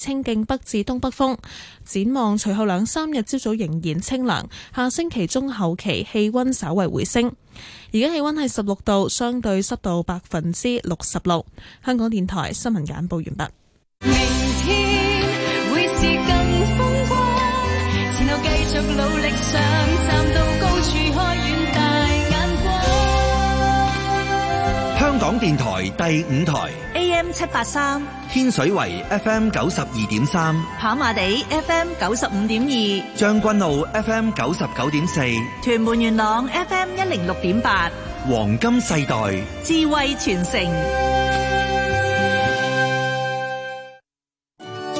清勁北至東北風，展望隨後兩三日朝早仍然清涼，下星期中後期氣溫稍為回升。而家氣溫係十六度，相對濕度百分之六十六。香港電台新聞簡報完畢。明天會是更風光港電台第五台 AM 七八三，天水圍 FM 九十二點三，跑馬地 FM 九十五點二，將軍澳 FM 九十九點四，屯門元朗 FM 一零六點八，黃金世代智慧傳承。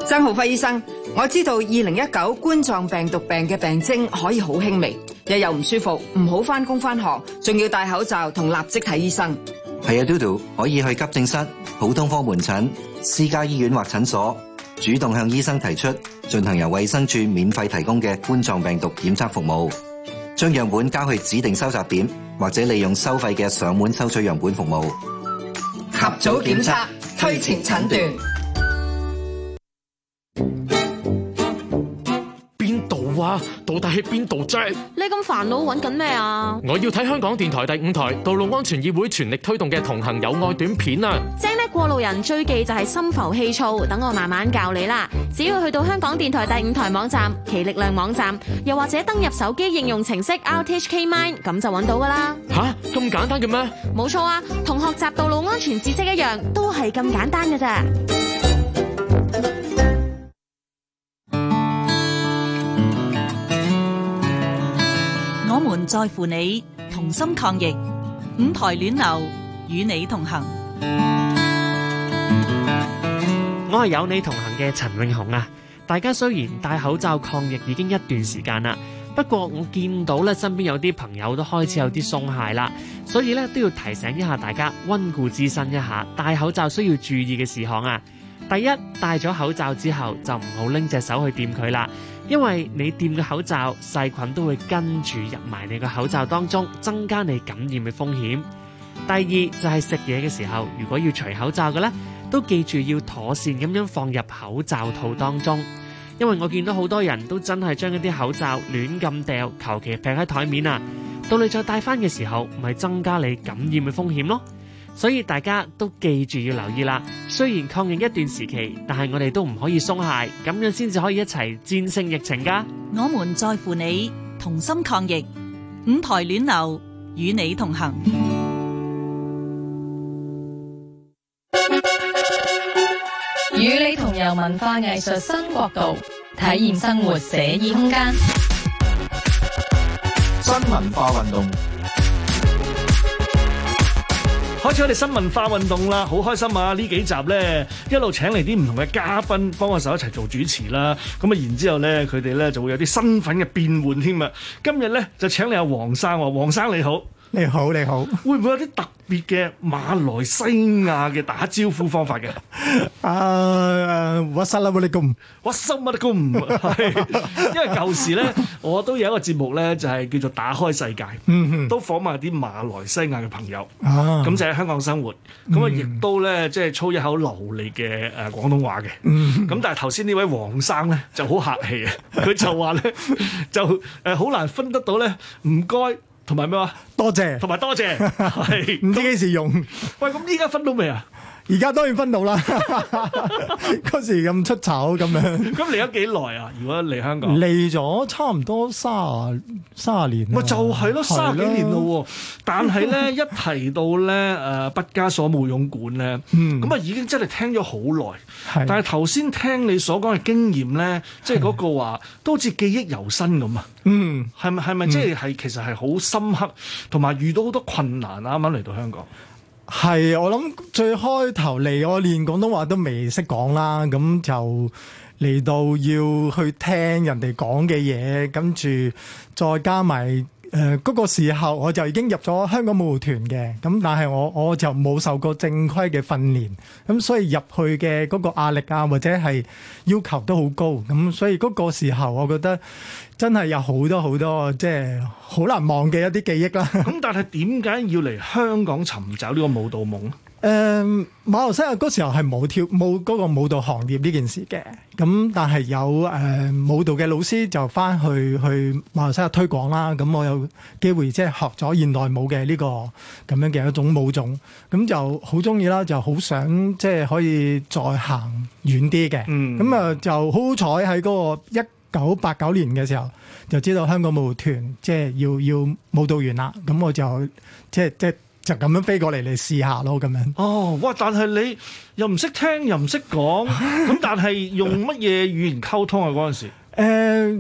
曾浩輝醫生，我知道二零一九冠狀病毒病嘅病徵可以好輕微，日又唔舒服，唔好翻工翻學，仲要戴口罩同立即睇醫生。係啊，嘟嘟，可以去急症室、普通科門診、私家醫院或診所，主動向醫生提出進行由衛生署免費提供嘅冠狀病毒檢測服務，將樣本交去指定收集點，或者利用收費嘅上門收取樣本服務，及早檢測，推前診斷。到底喺邊度啫？你咁煩惱，搵緊咩啊？我要睇香港電台第五台道路安全議會全力推動嘅同行友愛短片啊！精叻過路人最忌就係心浮氣躁，等我慢慢教你啦。只要去到香港電台第五台網站，其力量網站，又或者登入手機應用程式 RTHK Mind，咁就搵到噶啦。吓、啊，咁簡單嘅咩？冇錯啊，同學習道路安全知識一樣，都係咁簡單嘅咋。唔在乎你，同心抗疫，五台暖流與你同行。我係有你同行嘅陳永雄啊！大家雖然戴口罩抗疫已經一段時間啦，不過我見到咧身邊有啲朋友都開始有啲鬆懈啦，所以咧都要提醒一下大家，温故知新一下戴口罩需要注意嘅事項啊！第一，戴咗口罩之後就唔好拎隻手去掂佢啦。因為你掂嘅口罩，細菌都會跟住入埋你個口罩當中，增加你感染嘅風險。第二就係食嘢嘅時候，如果要除口罩嘅咧，都記住要妥善咁樣放入口罩套當中。因為我見到好多人都真係將一啲口罩亂咁掉，求其劈喺台面啊，到你再戴翻嘅時候，咪增加你感染嘅風險咯。所以大家都記住要留意啦。雖然抗疫一段時期，但係我哋都唔可以鬆懈，咁樣先至可以一齊戰勝疫情噶。我們在乎你，同心抗疫，舞台暖流與你同行，與你同遊文化藝術新國度，體驗生活寫意空間，新文化運動。開始我哋新文化運動啦，好開心啊！呢幾集咧，一路請嚟啲唔同嘅嘉賓幫我手一齊做主持啦。咁啊，然之後咧，佢哋咧就會有啲身份嘅變換添啊。今日咧就請嚟阿王生，王生你好。你好，你好。會唔會有啲特別嘅馬來西亞嘅打招呼方法嘅？啊，我 Assalamualaikum，我 Assalamualaikum，係因為舊時咧，我都有一個節目咧，就係叫做打開世界，嗯，都訪問啲馬來西亞嘅朋友啊，咁就喺香港生活，咁啊，亦都咧，即係操一口流利嘅誒廣東話嘅，嗯，咁但係頭先呢位王生咧就好客氣啊，佢就話咧就誒好難分得到咧，唔該。同埋咩話？多謝，謝，同埋多謝，唔 是知幾時用。 喂，咁依家分到未啊？而家 當然分到啦，嗰時咁出醜咁樣。咁嚟咗幾耐啊？如果嚟香港嚟咗差唔多三十、三十年。咪就係咯，三十幾年咯。但係咧，一提到咧誒、呃、不加鎖舞踊館咧，咁啊、嗯、已經真係聽咗好耐。是的 但係頭先聽你所講嘅經驗咧，即係嗰個話都好似記憶猶新咁啊。嗯，係咪係咪即係係其實係好深刻，同埋遇到好多困難啊！啱啱嚟到香港。係，我諗最開頭嚟，我連廣東話都未識講啦，咁就嚟到要去聽人哋講嘅嘢，跟住再加埋。誒嗰、呃那個時候我就已經入咗香港舞蹈團嘅，咁但係我我就冇受過正規嘅訓練，咁所以入去嘅嗰個壓力啊或者係要求都好高，咁所以嗰個時候我覺得真係有好多好多即係好難忘嘅一啲記憶啦。咁但係點解要嚟香港尋找呢個舞蹈夢？誒、嗯、馬來西亞嗰時候係冇跳舞嗰個舞蹈行業呢件事嘅，咁但係有誒、呃、舞蹈嘅老師就返去去馬來西亞推廣啦，咁我有機會即係學咗現代舞嘅呢、呢個咁樣嘅一種舞種，咁就好中意啦，就好想即係可以再行遠啲嘅，咁啊、嗯、就好彩喺嗰個一九八九年嘅時候，就知道香港舞團即係要要舞蹈員啦，咁我就即係即係，即係就咁樣飛過嚟你試下咯，咁樣。哦，哇！但係你又唔識聽，又唔識講，咁 但係用乜嘢語言溝通啊？嗰陣 時，呃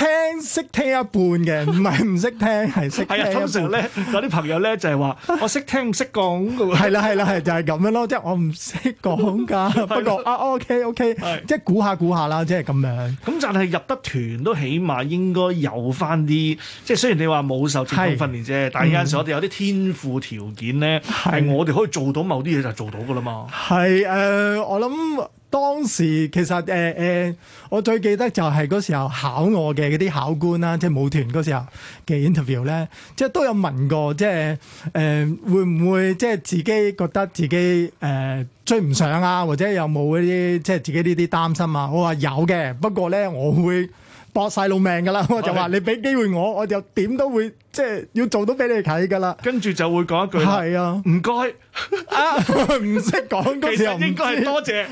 聽識聽一半嘅，唔係唔識聽，係識。 係啊，通常咧，有啲朋友咧就係話、就是嗯呃，我識聽唔識講嘅喎。係啦係啦係，就係咁樣咯，即係我唔識講噶。不過啊，OK OK，即係估下估下啦，即係咁樣。咁但係入得團都起碼應該有翻啲，即係雖然你話冇受正規訓練啫，但係有陣時我哋有啲天賦條件咧，係我哋可以做到某啲嘢就做到噶啦嘛。係，誒，我諗。當時其實誒誒、呃呃，我最記得就係嗰時候考我嘅嗰啲考官啦，即係舞團嗰時候嘅 interview 咧，即係都有問過，即係誒、呃、會唔會即係自己覺得自己誒、呃、追唔上啊，或者有冇嗰啲即係自己呢啲擔心啊？我話有嘅，不過咧我會搏晒老命㗎啦，我就話你俾機會我，我就點都會。即係要做到俾你睇㗎啦，跟住就會講一句係啊，唔該託 啊，唔識講句時啊，應該係多謝，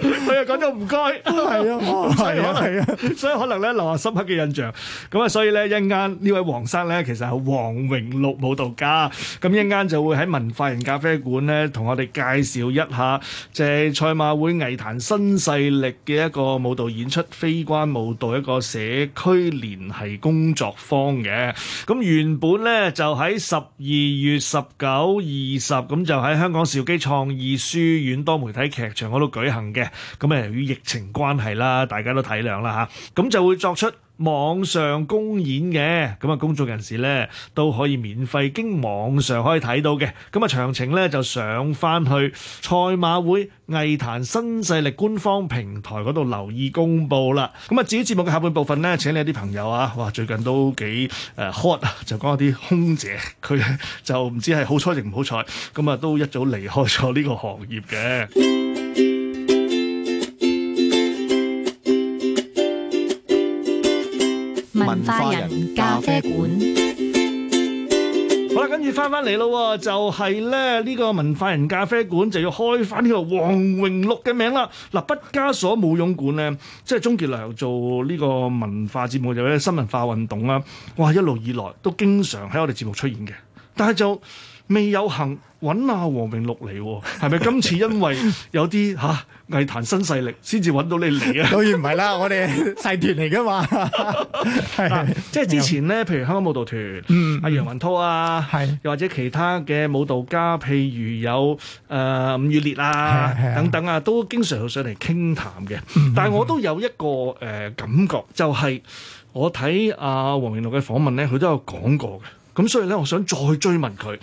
佢又講到：「唔該，係啊，係啊，係啊，所以可能咧留下深刻嘅印象。咁啊，所以咧一陣間呢位王生咧，其實係王榮祿舞蹈家，咁一陣間就會喺文化人咖啡館咧，同我哋介紹一下，就係賽馬會藝壇新勢力嘅一個舞蹈演出，非關舞蹈一個社區聯繫工作坊嘅。咁原本咧就喺十二月十九、二十咁就喺香港兆基創意書院多媒體劇場嗰度舉行嘅，咁啊由於疫情關係啦，大家都體諒啦吓，咁就會作出。網上公演嘅咁啊，公眾人士呢都可以免費經網上可以睇到嘅，咁啊詳情呢就上返去賽馬會藝壇新勢力官方平台嗰度留意公佈啦。咁啊，至於節目嘅下半部分呢，請你一啲朋友啊，哇，最近都幾誒 hot 啊，就講一啲空姐，佢就唔知係好彩定唔好彩，咁啊都一早離開咗呢個行業嘅。文化人咖啡館，好啦，跟住翻翻嚟咯，就係、是、咧呢、這個文化人咖啡館就要開翻呢個王榮祿嘅名啦。嗱、啊，不加鎖舞踊館咧，即係鍾傑良做呢個文化節目，就咧、是、新文化運動啦。哇，一路以來都經常喺我哋節目出現嘅，但係就。未有幸揾阿王榮祿嚟，喔，係咪今次因為有啲嚇、 啊、藝壇新勢力，先至揾到你嚟啊？當然唔係啦，我哋細團嚟噶嘛。係即係之前咧，譬如香港舞蹈團，嗯，阿、啊、楊雲濤啊，係是又或者其他嘅舞蹈家，譬如有誒伍、呃、宇烈啊，啊，啊等等啊，都經常上嚟傾談嘅。嗯嗯，但係我都有一個誒、呃、感覺就、啊，就係我睇阿王榮祿嘅訪問咧，佢都有講過嘅。咁所以咧，我想再追問佢，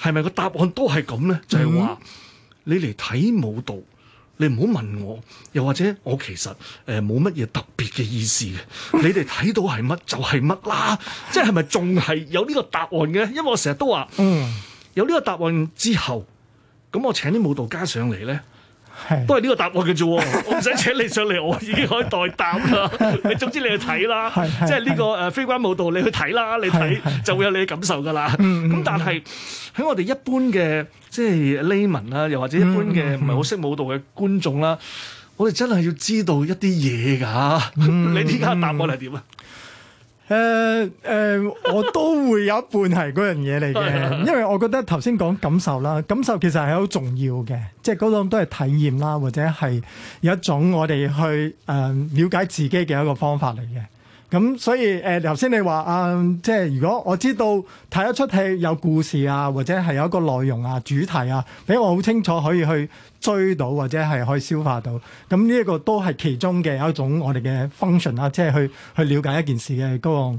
係咪個答案都係咁咧？就係話，你嚟睇舞蹈，你唔好問我，又或者我其實誒冇乜嘢特別嘅意思嘅，你哋睇到係乜就係乜啦。即係係咪仲係有呢個答案嘅？因為我成日都話，嗯，有呢個答案之後，咁我請啲舞蹈家上嚟咧。 都係呢個答案嘅啫，我唔使請你上嚟，我已經可以代答啦。你 總之你去睇啦， 是是是即係呢個誒非關舞蹈，你去睇啦，你睇是是 就會有你嘅感受噶啦。咁但係喺我哋一般嘅即係 layman 啦，又或者一般嘅唔係好識舞蹈嘅觀眾啦，嗯、我哋真係要知道一啲嘢噶。嗯、 你依家答案係點啊？誒誒、呃呃，我都會有一半係嗰樣嘢嚟嘅。 因為我覺得頭先講感受啦，感受其實係好重要嘅，即係嗰種都係體驗啦，或者係有一種我哋去誒了解自己嘅一個方法嚟嘅。咁所以誒頭先你話啊，呃，即係如果我知道睇一出戲有故事啊，或者係有一個內容啊、主題啊，俾我好清楚可以去。追到或者係可以消化到，咁呢一個都係其中嘅一種我哋嘅 function 啦，即係去去了解一件事嘅嗰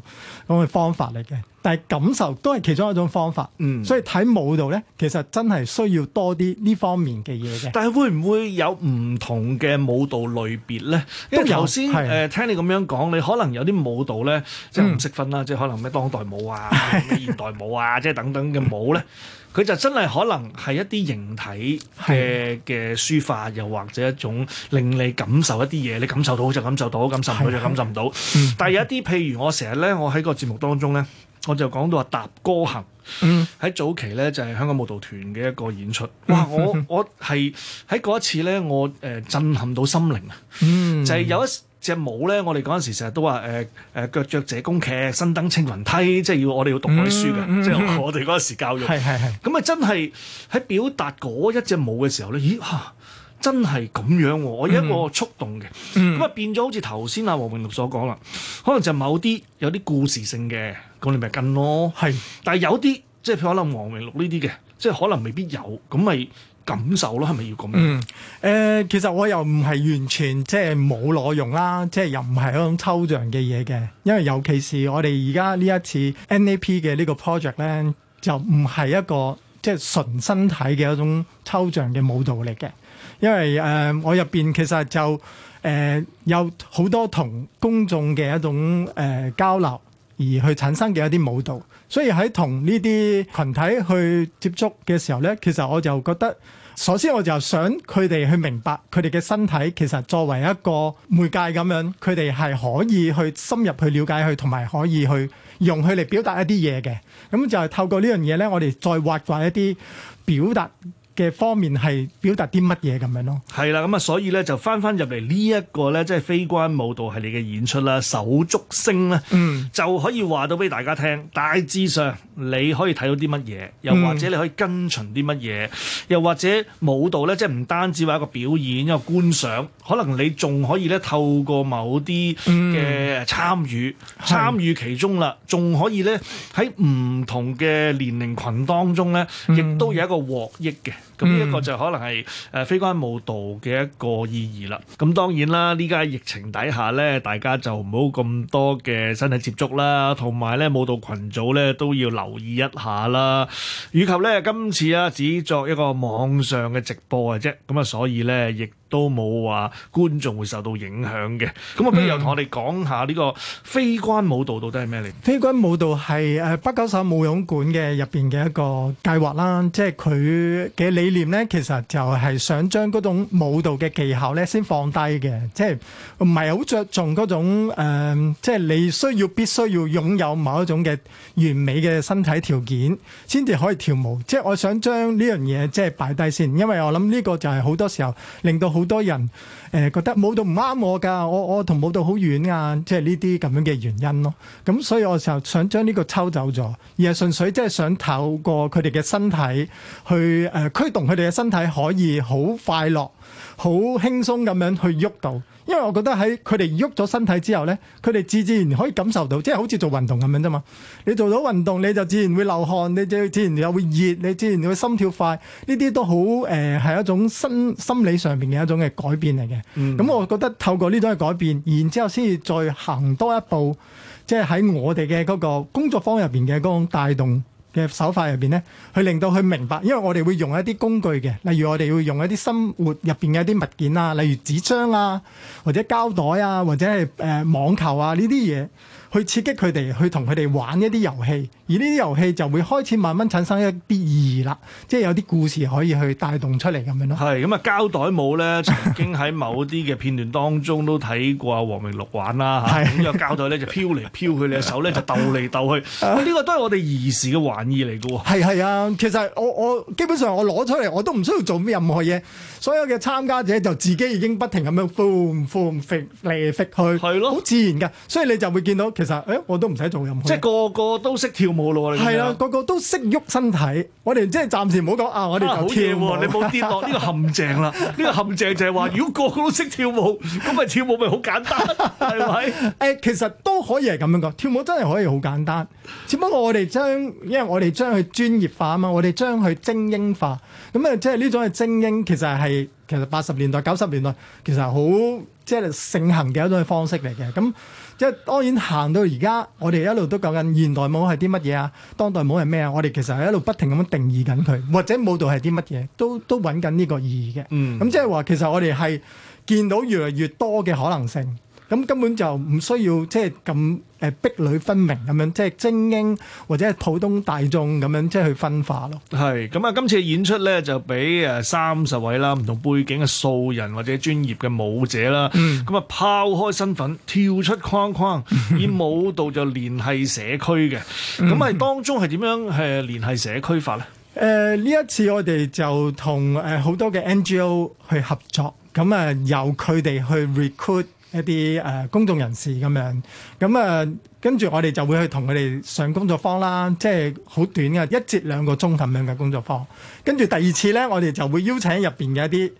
個嗰個方法嚟嘅。但係感受都係其中一種方法，嗯，所以睇舞蹈咧，其實真係需要多啲呢方面嘅嘢嘅。但係會唔會有唔同嘅舞蹈類別咧？因為頭先誒聽你咁樣講，你可能有啲舞蹈咧，就係嗯、即係唔識分啦，即係可能咩當代舞啊、 咩現代舞啊，即係等等嘅舞咧。 佢就真係可能係一啲形體嘅嘅書法，又或者一種令你感受一啲嘢，你感受到就感受到，感受唔到就感受唔到。的但係有一啲，譬如我成日咧，我喺個節目當中咧，我就講到話《踏歌行》喺、嗯、早期咧就係香港舞蹈團嘅一個演出。哇！我我係喺嗰一次咧，我誒震撼到心靈啊！嗯、就係有一隻舞咧，我哋嗰陣時成日都話誒誒，腳着謝公屐，身登青雲梯，即係要我哋要讀嗰啲書嘅，嗯嗯、即係我哋嗰陣時教育。係係係。咁啊，真係喺表達嗰一隻舞嘅時候咧，咦真係咁樣喎、啊！我有一個觸動嘅，咁啊、嗯、變咗好似頭先阿王榮祿所講啦，可能就某啲有啲故事性嘅，咁你咪跟咯。係是，但係有啲即係可能王榮祿呢啲嘅，即係可能未必有，咁咪。感受咯，係咪要咁樣？嗯，誒、呃，其實我又唔係完全即係冇內容啦，即係又唔係嗰種抽象嘅嘢嘅。因為尤其是我哋而家呢一次 NAP 嘅呢個 project 咧，就唔係一個即係純身體嘅一種抽象嘅舞蹈嚟嘅。因為誒、呃、我入邊其實就誒、呃、有好多同公眾嘅一種誒、呃、交流。而去產生嘅一啲舞蹈，所以喺同呢啲群體去接觸嘅時候呢，其實我就覺得，首先我就想佢哋去明白佢哋嘅身體其實作為一個媒介咁樣，佢哋係可以去深入去了解佢，同埋可以去用佢嚟表達一啲嘢嘅。咁就係透過呢樣嘢呢，我哋再挖掘一啲表達嘅方面係表達啲乜嘢咁樣咯？係啦，咁啊，所以咧就翻翻入嚟呢一個咧，即係非關舞蹈係你嘅演出啦、手足聲咧，嗯，就可以話到俾大家聽，大致上你可以睇到啲乜嘢，又或者你可以跟從啲乜嘢，又或者舞蹈咧，即係唔單止話一個表演一個觀賞，可能你仲可以咧透過某啲嘅參與參與其中啦，仲是可以咧喺唔同嘅年齡群當中咧，亦、嗯、都有一個獲益嘅。咁呢一個就可能係誒非關舞蹈嘅一個意義啦。咁當然啦，呢家疫情底下咧，大家就唔好咁多嘅身體接觸啦，同埋咧舞蹈群組咧都要留意一下啦。以及咧今次啊，只作一個網上嘅直播嘅啫。咁啊，所以咧亦都冇話觀眾會受到影響嘅，咁啊，不如又同我哋講下呢個非關舞蹈到底係咩嚟？非關舞蹈係誒不加鎖舞踊館嘅入邊嘅一個計劃啦，即係佢嘅理念咧，其實就係想將嗰種舞蹈嘅技巧咧先放低嘅，即係唔係好着重嗰種誒、呃，即係你需要必須要擁有某一種嘅完美嘅身體條件先至可以跳舞。即係我想將呢樣嘢即係擺低先，因為我諗呢個就係好多時候令到好。好多人誒覺得舞蹈唔啱我㗎，我我同舞蹈好遠啊，即係呢啲咁樣嘅原因咯。咁所以我就想將呢個抽走咗，而係純粹即係想透過佢哋嘅身體去誒、呃、驅動佢哋嘅身體，可以好快樂、好輕鬆咁樣去喐到。因為我覺得喺佢哋喐咗身體之後咧，佢哋自自然可以感受到，即係好似做運動咁樣啫嘛。你做到運動，你就自然會流汗，你就自然又會熱，你自然會心跳快，呢啲都好誒，係一種心心理上邊嘅一種嘅改變嚟嘅。咁、嗯嗯、我覺得透過呢種嘅改變，然之後先至再行多一步，即係喺我哋嘅嗰個工作坊入邊嘅嗰種帶動嘅手法入邊咧，去令到佢明白，因為我哋會用一啲工具嘅，例如我哋會用一啲生活入邊嘅一啲物件啊，例如紙張啊，或者膠袋啊，或者係誒、呃、網球啊呢啲嘢。去刺激佢哋，去同佢哋玩一啲遊戲，而呢啲遊戲就會開始慢慢產生一啲意義啦，即係有啲故事可以去帶動出嚟咁樣咯。係咁啊，膠袋帽咧曾經喺某啲嘅片段當中都睇過阿王榮祿玩啦嚇，咁個 膠袋咧就飄嚟飄去，你嘅 手咧就鬥嚟鬥去，呢個都係我哋兒時嘅玩意嚟嘅喎。係係啊，其實我我基本上我攞出嚟我都唔需要做咩任何嘢。所有嘅參加者就自己已經不停咁樣 boom boom fit 嚟 fit 去，係咯的，好自然㗎。所以你就會見到其實，誒、哎，我都唔使做任何，即係個個都識跳舞咯。我哋係啊，個個都識喐身體。我哋即係暫時唔好講啊，我哋就跳、啊。你冇跌落呢、呢個陷阱啦，呢 個陷阱就係話，如果個個都識跳舞，咁咪跳舞咪好簡單，係咪？誒， 其實都可以係咁樣講，跳舞真係可以好簡單。只不過我哋將，因為我哋將佢專業化啊嘛，我哋將佢精英化。咁啊，即係呢種係精英，其實係。其實八十年代、九十年代，其實好即係盛行嘅一種方式嚟嘅。咁即係當然行到而家，我哋一路都講緊現代舞係啲乜嘢啊？當代舞係咩啊？我哋其實係一路不停咁定義緊佢，或者舞蹈係啲乜嘢，都都揾緊呢個意義嘅。嗯。咁即係話，其實我哋係見到越嚟越多嘅可能性。咁根本就唔需要即係咁誒壁壘分明咁樣，即係精英或者普通大眾咁樣即係去分化咯。係咁啊！今次嘅演出咧就俾誒三十位啦，唔同背景嘅素人或者專業嘅舞者啦，咁啊、嗯、拋開身份，跳出框框，以舞蹈就聯繫社區嘅。咁係、嗯、當中係點樣誒聯繫社區法咧？誒呢一次我哋就同誒好多嘅 NGO 去合作，咁啊由佢哋去 recruit。一啲誒、呃、公眾人士咁樣，咁啊跟住我哋就會去同佢哋上工作坊啦，即係好短嘅一節兩個鐘咁樣嘅工作坊。跟住第二次呢，我哋就會邀請入邊嘅一啲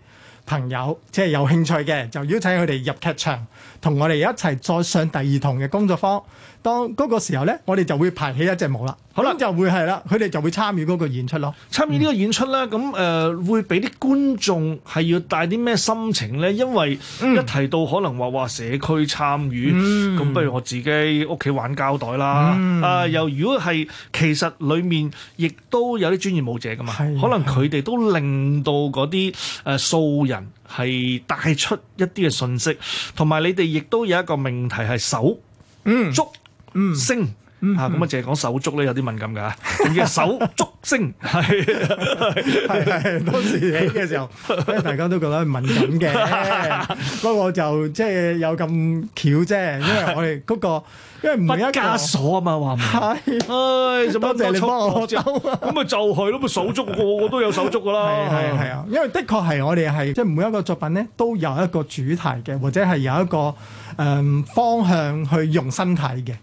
朋友，即係有興趣嘅，就邀請佢哋入劇場，同我哋一齊再上第二堂嘅工作坊。當嗰個時候呢，我哋就會排起一隻舞啦。咁好啦就會係啦，佢哋就會參與嗰個演出咯。參與呢個演出呢，咁誒、呃、會俾啲觀眾係要帶啲咩心情呢？因為一提到可能話話社區參與，咁、嗯、不如我自己屋企玩膠袋啦。啊、嗯呃，又如果係其實裡面亦都有啲專業舞者㗎嘛，啊、可能佢哋都令到嗰啲誒素人係帶出一啲嘅信息，同埋你哋亦都有一個命題係手嗯足，捉嗯、升嚇咁啊，就係講手足咧，有啲敏感噶。叫手足升，係係當時起嘅時候，大家都覺得敏感嘅。不過就即係有咁巧啫，因為我哋嗰個，因為唔係不加鎖啊嘛話、 哎，唔係，多謝你幫我走。咁啊就係咯，手足，我我都有手足噶啦，係係啊。因為的確係我哋係即係每一個作品咧，都有一個主題嘅，或者係有一個誒方向去用身體嘅。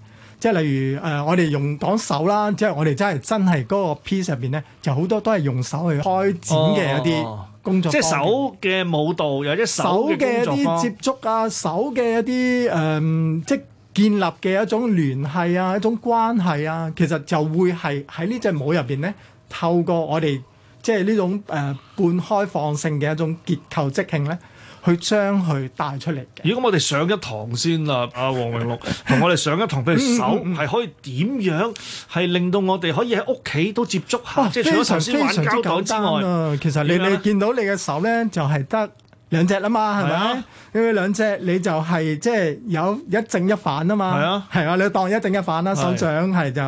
即係例如誒、呃，我哋用講手啦，即係我哋真係真係嗰個 piece 入邊咧，就好多都係用手去開展嘅一啲工作、哦。即係手嘅舞蹈，或者手嘅工作方向。手嘅一啲接觸啊，手嘅一啲誒、嗯，即係建立嘅一種聯繫啊，一種關係啊，其實就會係喺呢隻舞入邊咧，透過我哋即係呢種誒、呃、半開放性嘅一種結構即興咧，去將佢帶出嚟嘅。如果我哋上一堂先啦，阿、 啊、王榮祿同我哋上一堂，譬如手係可以點樣係令到我哋可以喺屋企都接觸下。即係除咗頭先玩交狗之外啊，其實你你見到你嘅手咧就係、是、得兩隻啦嘛，係咪啊？因為兩隻你就係即係有一正一反啊嘛。係啊，係啊，你當一正一反啦，手掌係就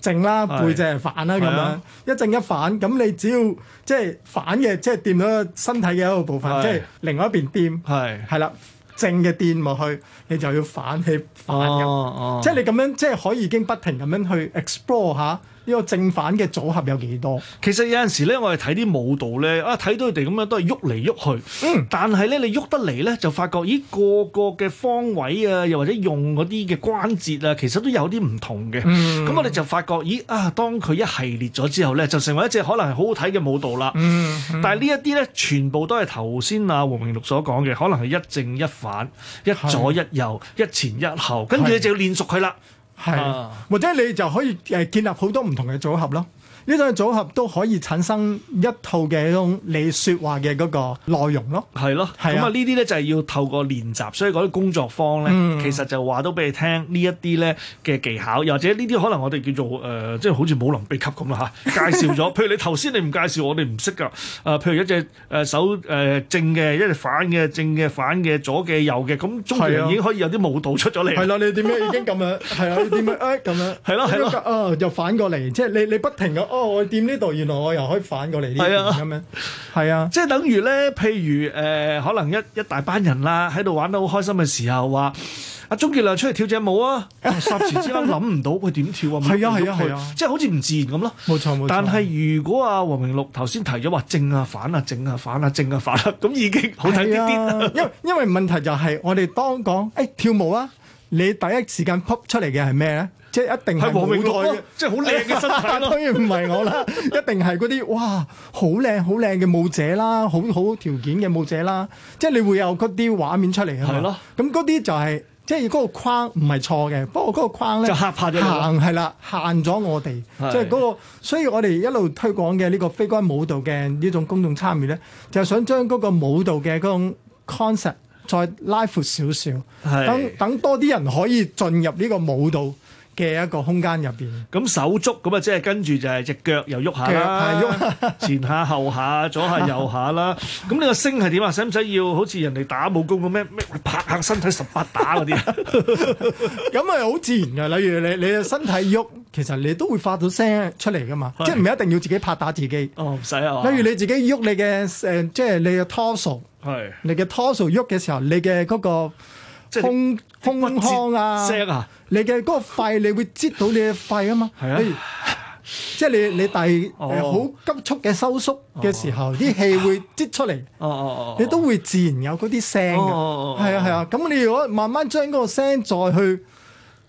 正啦，背脊係反啦，咁的樣一正的一反，咁你只要即係反嘅，即係掂到身體嘅一個部分，即係的另外一邊掂，係啦的，正嘅掂落去，你就要反起反咁，哦、即係你咁樣即係可以已經不停咁樣去 explore 吓。呢個正反嘅組合有幾多？其實有陣時咧，我哋睇啲舞蹈咧，啊睇到佢哋咁樣都係喐嚟喐去。嗯。但係咧，你喐得嚟咧，就發覺咦個個嘅方位啊，又或者用嗰啲嘅關節啊，其實都有啲唔同嘅。嗯。咁我哋就發覺咦啊，當佢一系列咗之後咧，就成為一隻可能係好好睇嘅舞蹈啦，嗯。嗯。但係呢一啲咧，全部都係頭先阿王榮祿所講嘅，可能係一正一反，一左一右，是一前一後，跟住你就要練熟佢啦。係，或者你就可以誒建立好多唔同嘅組合咯。呢種嘅組合都可以產生一套嘅一種你説話嘅嗰個內容咯，係咯，咁啊呢啲咧就係要透過練習，所以嗰啲工作坊咧，其實就話都俾你聽呢一啲咧嘅技巧，或者呢啲可能我哋叫做誒即係好似武林秘笈咁啦嚇，介紹咗。譬如你頭先你唔介紹，我哋唔識㗎。誒、呃，譬如一隻誒手誒、呃、正嘅，一隻反嘅，正嘅反嘅，左嘅右嘅，咁、嗯、中國人已經可以有啲舞蹈出咗嚟。係啦、啊哦，你點樣已經咁樣？係啦 音 intéressant、哦，你點樣咁樣？係咯，係咯，啊又反過嚟，即係你你不停咁。 哦、我掂呢度，原來我又可以反過嚟呢？咁樣係啊， 即係等於咧，譬如誒、呃，可能一一大班人啦，喺度玩得好開心嘅時候，話阿鍾傑良出嚟跳隻舞啊！霎、啊哦、時之間諗唔到佢點跳 啊！係啊係啊係啊！啊啊即係好似唔自然咁咯。冇錯冇錯。但係如果阿、啊、王榮祿頭先提咗話、啊，正啊反啊正啊反啊正啊反啊，咁、啊啊啊、已經好睇啲啲。因為、啊、因為問題就係我哋當講誒、欸、跳舞啊，你第一時間 pop 出嚟嘅係咩咧？即係一定係舞台、啊、即係好靚嘅身體、哎、呀當然唔係我啦， 一定係嗰啲哇好靚好靚嘅舞者啦，好好條件嘅舞者啦，即係你會有嗰啲畫面出嚟啊！係咯的，咁嗰啲就係、是、即係嗰個框唔係錯嘅，不過嗰個框咧就嚇怕咗，行係啦，限咗我哋，即係嗰個，所以我哋一路推廣嘅呢個非關舞蹈嘅呢種公眾參與咧，就係、是、想將嗰個舞蹈嘅嗰種 concept 再拉闊少少，等等的多啲人可以進入呢個舞蹈。嘅一個空間入邊，咁手足咁啊，即係跟住就係隻腳又喐下啦，前下後下左下右下啦。咁你個聲係點啊？使唔使要好似人哋打武功咁咩咩拍下身體十八打嗰啲啊？咁係好自然㗎。例如你你嘅身體喐，其實你都會發到聲出嚟㗎嘛。即係唔係一定要自己拍打自己？哦，唔使啊。例如你自己喐你嘅誒，即係你嘅 torso，係你嘅 torso 喐嘅時候，你嘅嗰個。胸胸腔啊，聲啊，你嘅嗰個肺， 你會擠到你嘅肺啊嘛，譬如、啊、即係你你第好、oh. 呃、急速嘅收縮嘅時候，啲、oh. 氣會擠出嚟，oh. 你都會自然有嗰啲聲嘅，係啊係啊，咁、oh. 啊啊、你如果慢慢將嗰個聲再去。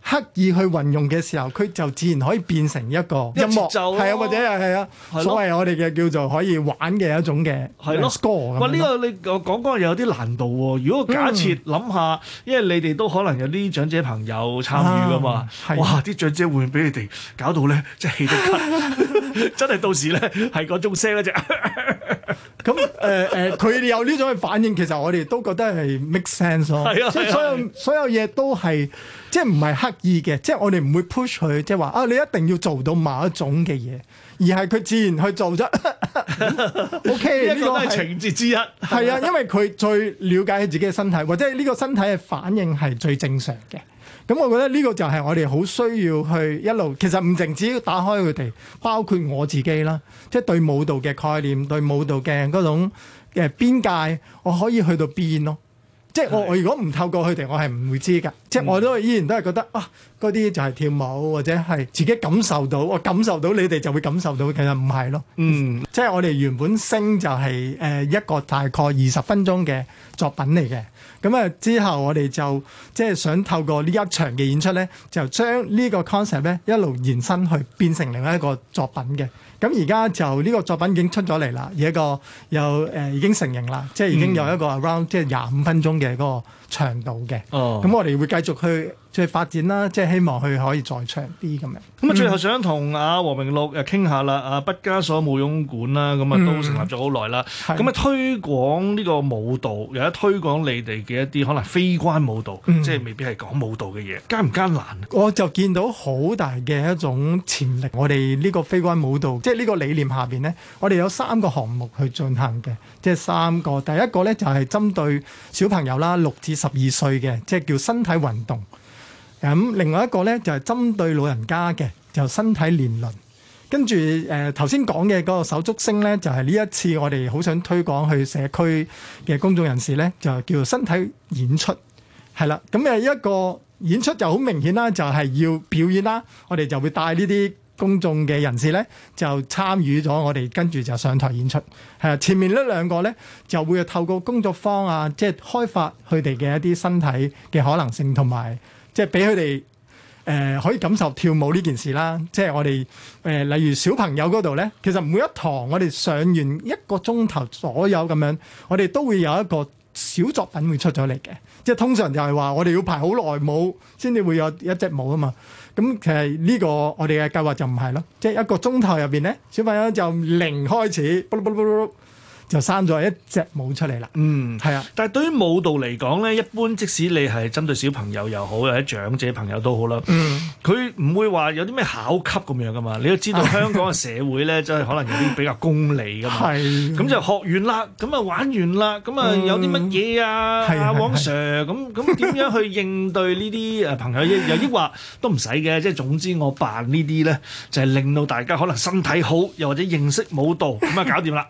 刻意去運用嘅時候，佢就自然可以變成一個音樂，係啊，啊，或者係啊，的所謂我哋嘅叫做可以玩嘅一種嘅。係啊 score 咁。喂、uh, score,，呢、呢個你講講又有啲難度喎、哦。如果假設諗下，嗯、因為你哋都可能有啲長者朋友參與㗎嘛，啊、哇！啲長者會唔會俾你哋搞到咧？即係氣得咳。 真係到時咧，係嗰種聲咧就、啊。咁誒誒，佢、呃、哋、呃、有呢種嘅反應，其實我哋都覺得係 make sense 咯、哦。係啊， 所以所有所有嘢都係即係唔係刻意嘅，即、就、係、是、我哋唔會 push 佢，即係話啊，你一定要做到某一種嘅嘢。而係佢自然去做啫、 嗯，OK 呢 個係情節之一。係啊，因為佢最了解佢自己嘅身體，或者呢個身體嘅反應係最正常嘅。咁我覺得呢個就係我哋好需要去一路。其實唔淨止要打開佢哋，包括我自己啦，即、就、係、是、對舞蹈嘅概念、對舞蹈嘅嗰種嘅邊界，我可以去到邊咯。即係我我如果唔透過佢哋，我係唔會知噶。即係我都依然都係覺得啊，嗰啲就係跳舞或者係自己感受到，我感受到你哋就會感受到，其實唔係咯。嗯，即係我哋原本升就係誒一個大概二十分鐘嘅作品嚟嘅。咁啊之後我哋就即係想透過呢一場嘅演出咧，就將呢個 concept 咧一路延伸去變成另一個作品嘅。咁而家就呢個作品已經出咗嚟啦，而一個又誒、呃、已經成型啦，即係已經有一個 around 即係廿五分鐘嘅嗰、嗰個長度嘅，咁、哦、我哋會繼續去即係發展啦，即係希望佢可以再長啲咁樣。咁啊、嗯，最後想同阿、啊、王榮祿又傾下、嗯啊、啦，阿不加鎖舞踊館啦，咁啊都成立咗好耐啦。咁啊、嗯，推廣呢個舞蹈，而家推廣你哋嘅一啲可能非關舞蹈，嗯、即係未必係講舞蹈嘅嘢，艱唔艱難？乾乾啊、我就見到好大嘅一種潛力。我哋呢個非關舞蹈，即係呢個理念下邊呢，我哋有三個項目去進行嘅，即係三個。第一個呢，就係針對小朋友啦，六至。十二歲嘅，即係叫身體運動。咁另外一個咧，就係針對老人家嘅，就身體年輪。跟住誒，頭先講嘅嗰個手足聲咧，就係呢一次我哋好想推廣去社區嘅公眾人士咧，就叫做身體演出。係啦，咁呢一個演出就好明顯啦，就係要表演啦。我哋就會帶呢啲。公眾嘅人士呢，就參與咗，我哋跟住就上台演出。係啊，前面呢兩個呢，就會透過工作坊啊，即係開發佢哋嘅一啲身體嘅可能性，同埋即係俾佢哋誒可以感受跳舞呢件事啦。即係我哋誒、呃，例如小朋友嗰度呢，其實每一堂我哋上完一個鐘頭左右咁樣，我哋都會有一個小作品會出咗嚟嘅。即係通常就係話我哋要排好耐舞先至會有一隻舞啊嘛。咁其實呢個我哋嘅計劃就唔係咯，即係一個鐘頭入邊咧，小朋友就零開始，噠噠噠噠噠就生咗一隻舞出嚟啦。嗯，係啊。但係對於舞蹈嚟講咧，一般即使你係針對小朋友又好，或者長者朋友都好啦。嗯，佢唔會話有啲咩考級咁樣噶嘛。你都知道香港嘅社會咧，即係 可能有啲比較功利噶嘛。係是。咁就學完啦，咁啊玩完啦，咁啊有啲乜嘢啊，阿、嗯、王 Sir 咁咁點樣去應對呢啲誒朋友 又抑或都唔使嘅，即係總之我扮呢啲咧就係令到大家可能身體好，又或者認識舞蹈咁啊搞掂啦。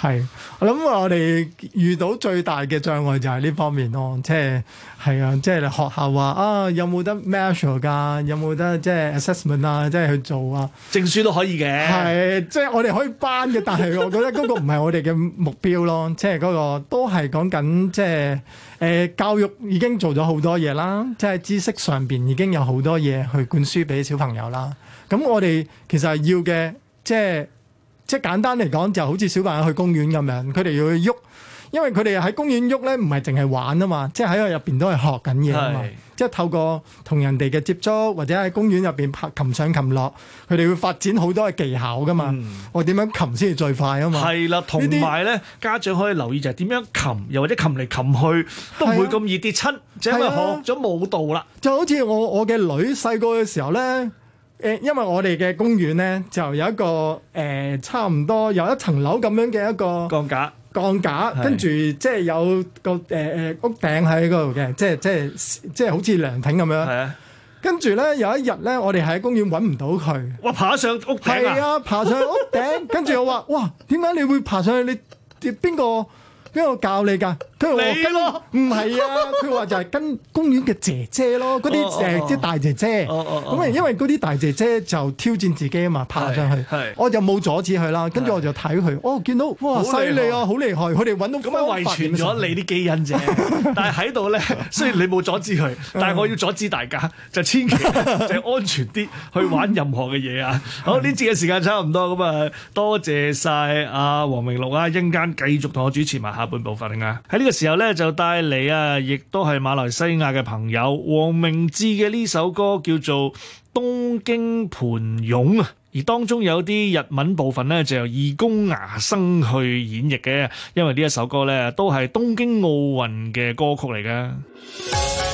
係。 我諗我哋遇到最大嘅障礙就係呢方面咯，即係係啊，即係你學校話啊，有冇得 measure 噶有冇得即係 assessment 啊？即係去做啊？證書都可以嘅，係即係我哋可以頒嘅，但係我覺得嗰個唔係我哋嘅目標咯，即係嗰個都係講緊即係誒教育已經做咗好多嘢啦，即係知識上邊已經有好多嘢去灌輸俾小朋友啦。咁我哋其實係要嘅即係。即係即係簡單嚟講，就好似小朋友去公園咁樣，佢哋要喐，因為佢哋喺公園喐咧，唔係淨係玩啊嘛，即係喺個入邊都係學緊嘢啊嘛。是即係透過同人哋嘅接觸，或者喺公園入邊拍擒上擒落，佢哋會發展好多嘅技巧噶嘛。嗯、我點樣擒先至最快啊嘛？係啦，同埋咧，家長可以留意就係點樣擒，又或者擒嚟擒去都唔會咁易跌親，即係、啊、學咗舞蹈啦、啊。就好似我我嘅女細個嘅時候咧。誒，因為我哋嘅公園咧，就有一個誒、呃，差唔多有一層樓咁樣嘅一個鋼架，鋼架跟住即係有個誒誒、呃、屋頂喺嗰度嘅，即即即係好似涼亭咁樣。係啊，跟住咧有一日咧，我哋喺公園揾唔到佢，我爬上屋頂啊！係啊，爬上屋頂， 跟住我話：哇，點解你會爬上去？你跌邊個？俾我教你噶，佢話跟咯，唔係啊，佢話就係跟公園嘅姐姐咯，嗰啲成啲大姐姐，咁啊，因為嗰啲大姐姐就挑戰自己啊嘛，爬上去，我就冇阻止佢啦。跟住我就睇佢，我見到哇，犀利啊，好厲害！佢哋揾到咁遺傳咗你啲基因啫。但係喺度咧，雖然你冇阻止佢，但係我要阻止大家就千祈就安全啲去玩任何嘅嘢啊！好，呢節嘅時間差唔多，咁啊，多謝晒阿黃詠柔啊，一陣間繼續同我主持埋下半部分啊，喺呢個時候呢就帶嚟啊，亦都係馬來西亞嘅朋友黃明志嘅呢首歌叫做《東京盆踊》。啊，而當中有啲日文部分呢，就由二宮芽生去演繹嘅，因為呢一首歌呢，都係東京奧運嘅歌曲嚟嘅。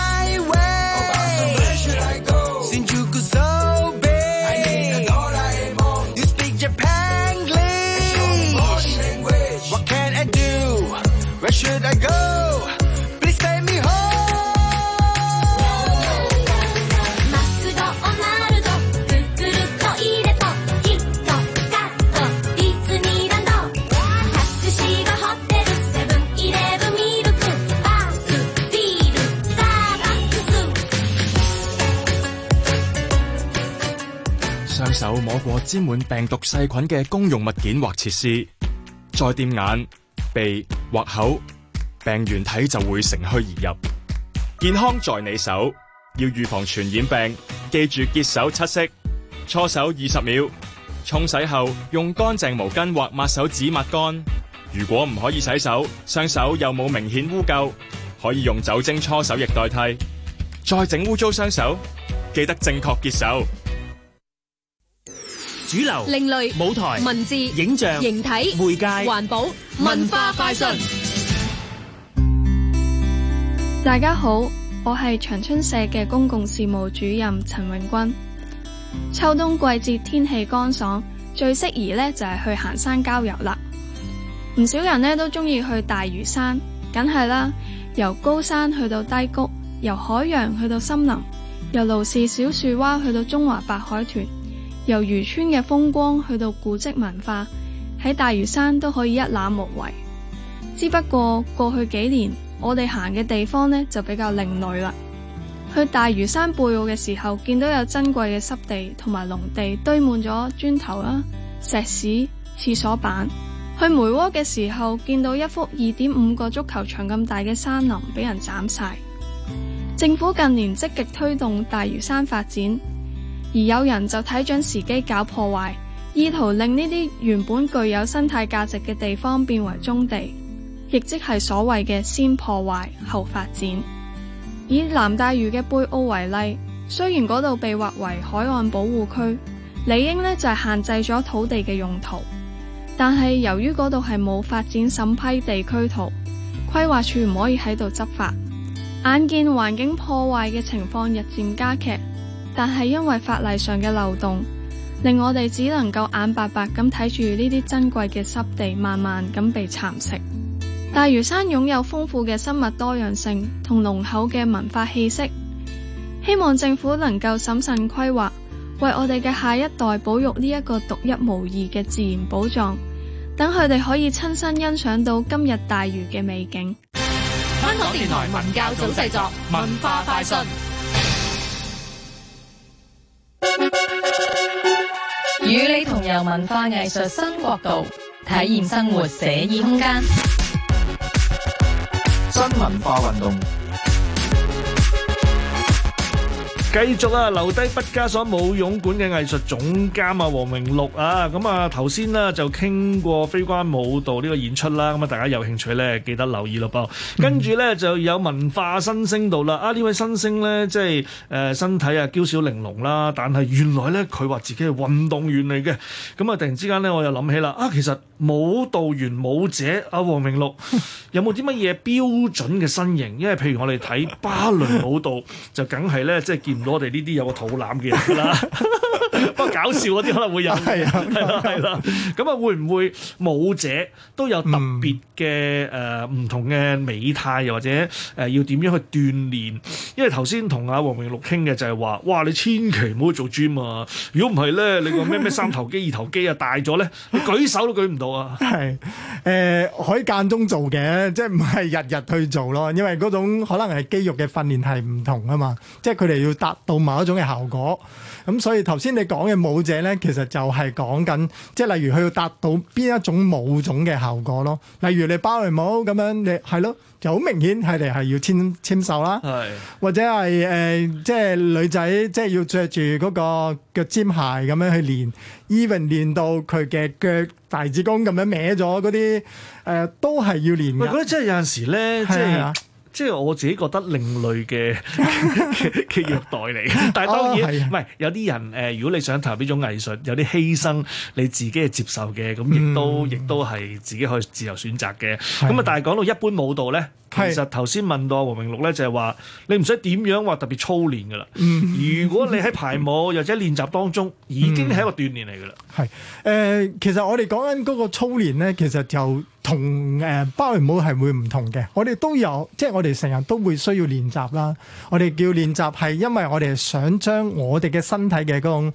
摸過沾滿病毒細菌嘅公用物件或設施，再掂眼、鼻或口，病原體就會乘虛而入。健康在你手，要預防傳染病，記住潔手七式：搓手二十秒，沖洗後用乾淨毛巾或抹手紙抹乾。如果唔可以洗手，雙手又冇明顯污垢，可以用酒精搓手液代替。再整污糟雙手，記得正確潔手。主流、另類舞台、文字、影像、形體、媒介、環保、文化、快訊。大家好，我係長春社嘅公共事務主任陳永軍。秋冬季節天氣乾爽，最適宜呢就係去行山郊遊啦。唔少人呢都中意去大嶼山，梗係啦。由高山去到低谷，由海洋去到森林，由盧氏小樹蛙去到中華白海豚。由漁村嘅風光去到古蹟文化，喺大嶼山都可以一覽無遺。只不過過去幾年，我哋行嘅地方呢，就比較另類啦。去大嶼山背澳嘅時候，見到有珍貴嘅濕地同埋農地堆滿咗磚頭啦、石屎、廁所板。去梅窩嘅時候，見到一幅二點五個足球場咁大嘅山林俾人斬晒。政府近年積極推動大嶼山發展，而有人就睇準時機搞破壞，意圖令呢啲原本具有生態價值嘅地方變為棕地，亦即係所謂嘅先破壞後發展。以南大嶼嘅貝澳為例，雖然嗰度被劃為海岸保護區，理應呢就係、是、限制咗土地嘅用途，但係由於嗰度係冇發展審批地區圖，規劃處唔可以喺度執法，眼見環境破壞嘅情況日漸加劇。但係因為法例上嘅漏洞，令我哋只能夠眼白白咁睇住呢啲珍貴嘅濕地慢慢咁被蠶食。大嶼山擁有豐富嘅生物多樣性同濃厚嘅文化氣息，希望政府能夠審慎規劃，為我哋嘅下一代保育呢一個獨一無二嘅自然寶藏，等佢哋可以親身欣賞到今日大嶼嘅美景。香港電台文教組製作文化快訊。與你同遊文化藝術新國度，體驗生活寫意空間。新文化運動。繼續啊，留低不加鎖舞踊館嘅藝術總監啊，王榮祿啊，咁啊頭先呢就傾過非關舞蹈呢，這個演出啦，咁啊大家有興趣咧，記得留意咯噃。跟住咧就有文化新星道啦，啊呢位新星咧即係誒、呃、身體啊嬌小玲瓏啦，但係原來咧佢話自己係運動員嚟嘅，咁啊突然之間咧我又諗起啦，啊其實舞蹈員舞者啊，王榮祿有冇啲乜嘢標準嘅身形？因為譬如我哋睇芭蕾舞蹈就梗係咧即係見。我哋呢啲有個肚腩嘅人啦。 不過搞笑嗰啲可能會有，係啦係啦，咁啊會唔會舞者都有特別嘅誒唔同嘅美態，又或者誒要點樣去鍛鍊？因為頭先同阿王榮祿傾嘅就係話，哇！你千祈唔好做 gym 啊！如果唔係咧，你個咩咩三頭肌、 二頭肌啊大咗咧，你舉手都舉唔到啊！係誒、呃，可以間中做嘅，即係唔係日日去做咯。因為嗰種可能係肌肉嘅訓練係唔同啊嘛，即係佢哋要達到某一種嘅效果。咁、嗯、所以頭先你講嘅舞者咧，其實就係講緊，即係例如佢要達到邊一種舞種嘅效果咯。例如你芭蕾舞咁樣，你係咯，就好明顯係哋係要簽簽手啦，是或者係誒、呃，即係女仔即係要着住嗰個腳尖鞋咁樣去練，even 練到佢嘅腳大趾公咁樣歪咗嗰啲誒，都係要練。我覺得即係有陣時咧，即係。即係我自己覺得另類嘅嘅 虐待嚟，但係當然唔係、 哦、有啲人誒，如果你想投入呢種藝術，有啲犧牲你自己係接受嘅，咁亦、嗯、都亦都係自己可以自由選擇嘅，咁啊的！但係講到一般舞蹈咧。其實頭先問到阿王榮祿咧，就係話你唔使點樣話特別操練噶啦。嗯、如果你喺排舞又或者練習當中，嗯、已經係一個鍛煉嚟噶啦。係誒、呃，其實我哋講緊嗰個操練咧，其實就、呃、同誒芭蕾舞係會唔同嘅。我哋都有，即、就、係、是、我哋成日都會需要練習啦。我哋叫練習係，因為我哋想將我哋嘅身體嘅嗰種誒、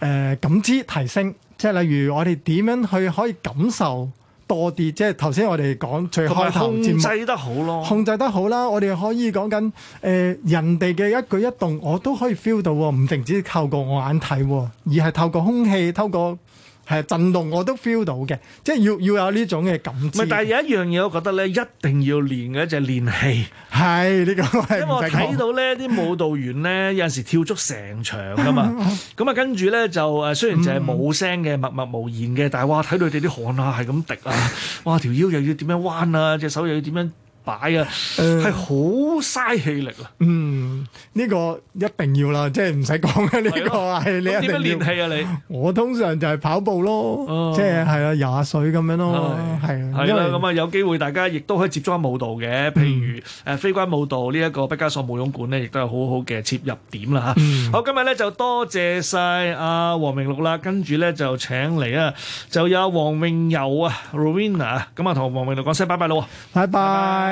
呃、感知提升，即係例如我哋點樣去可以感受。多啲，即係頭先我哋講最開頭控制得好咯，控制得好啦。我哋可以講緊誒人哋嘅一舉一動，我都可以 feel 到喎，唔淨止透過我眼睇，而係透過空氣，透過，係震動我都 feel 到嘅，即係要要有呢種嘅感知。唔係，但係有一樣嘢，我覺得咧，一定要練嘅就係練氣。係呢個係，這個、因為我睇到咧啲舞蹈員咧，有陣時跳足成場噶嘛，咁啊 跟住咧就誒，雖然就係冇聲嘅、默默無言嘅，但係哇，睇到佢哋啲汗啊，係咁滴啊， 哇條腰又要點樣彎啊，隻手又要點樣？擺啊，係好嘥氣力啊。嗯，呢個一定要啦，即係唔使講嘅，呢個係你一定要。我點樣練氣啊？你我通常就係跑步咯，即係係啦，游下水咁樣咯，係啦，咁啊有機會大家亦都可以接觸舞蹈嘅，譬如誒非關舞蹈呢一個不加鎖舞踊館咧，亦都有好好嘅切入點啦吓。好，今日咧就多謝晒阿王榮祿啦，跟住咧就請嚟啊，就有黃詠柔啊，Rovina 啊，咁啊同王榮祿講聲拜拜啦，拜拜。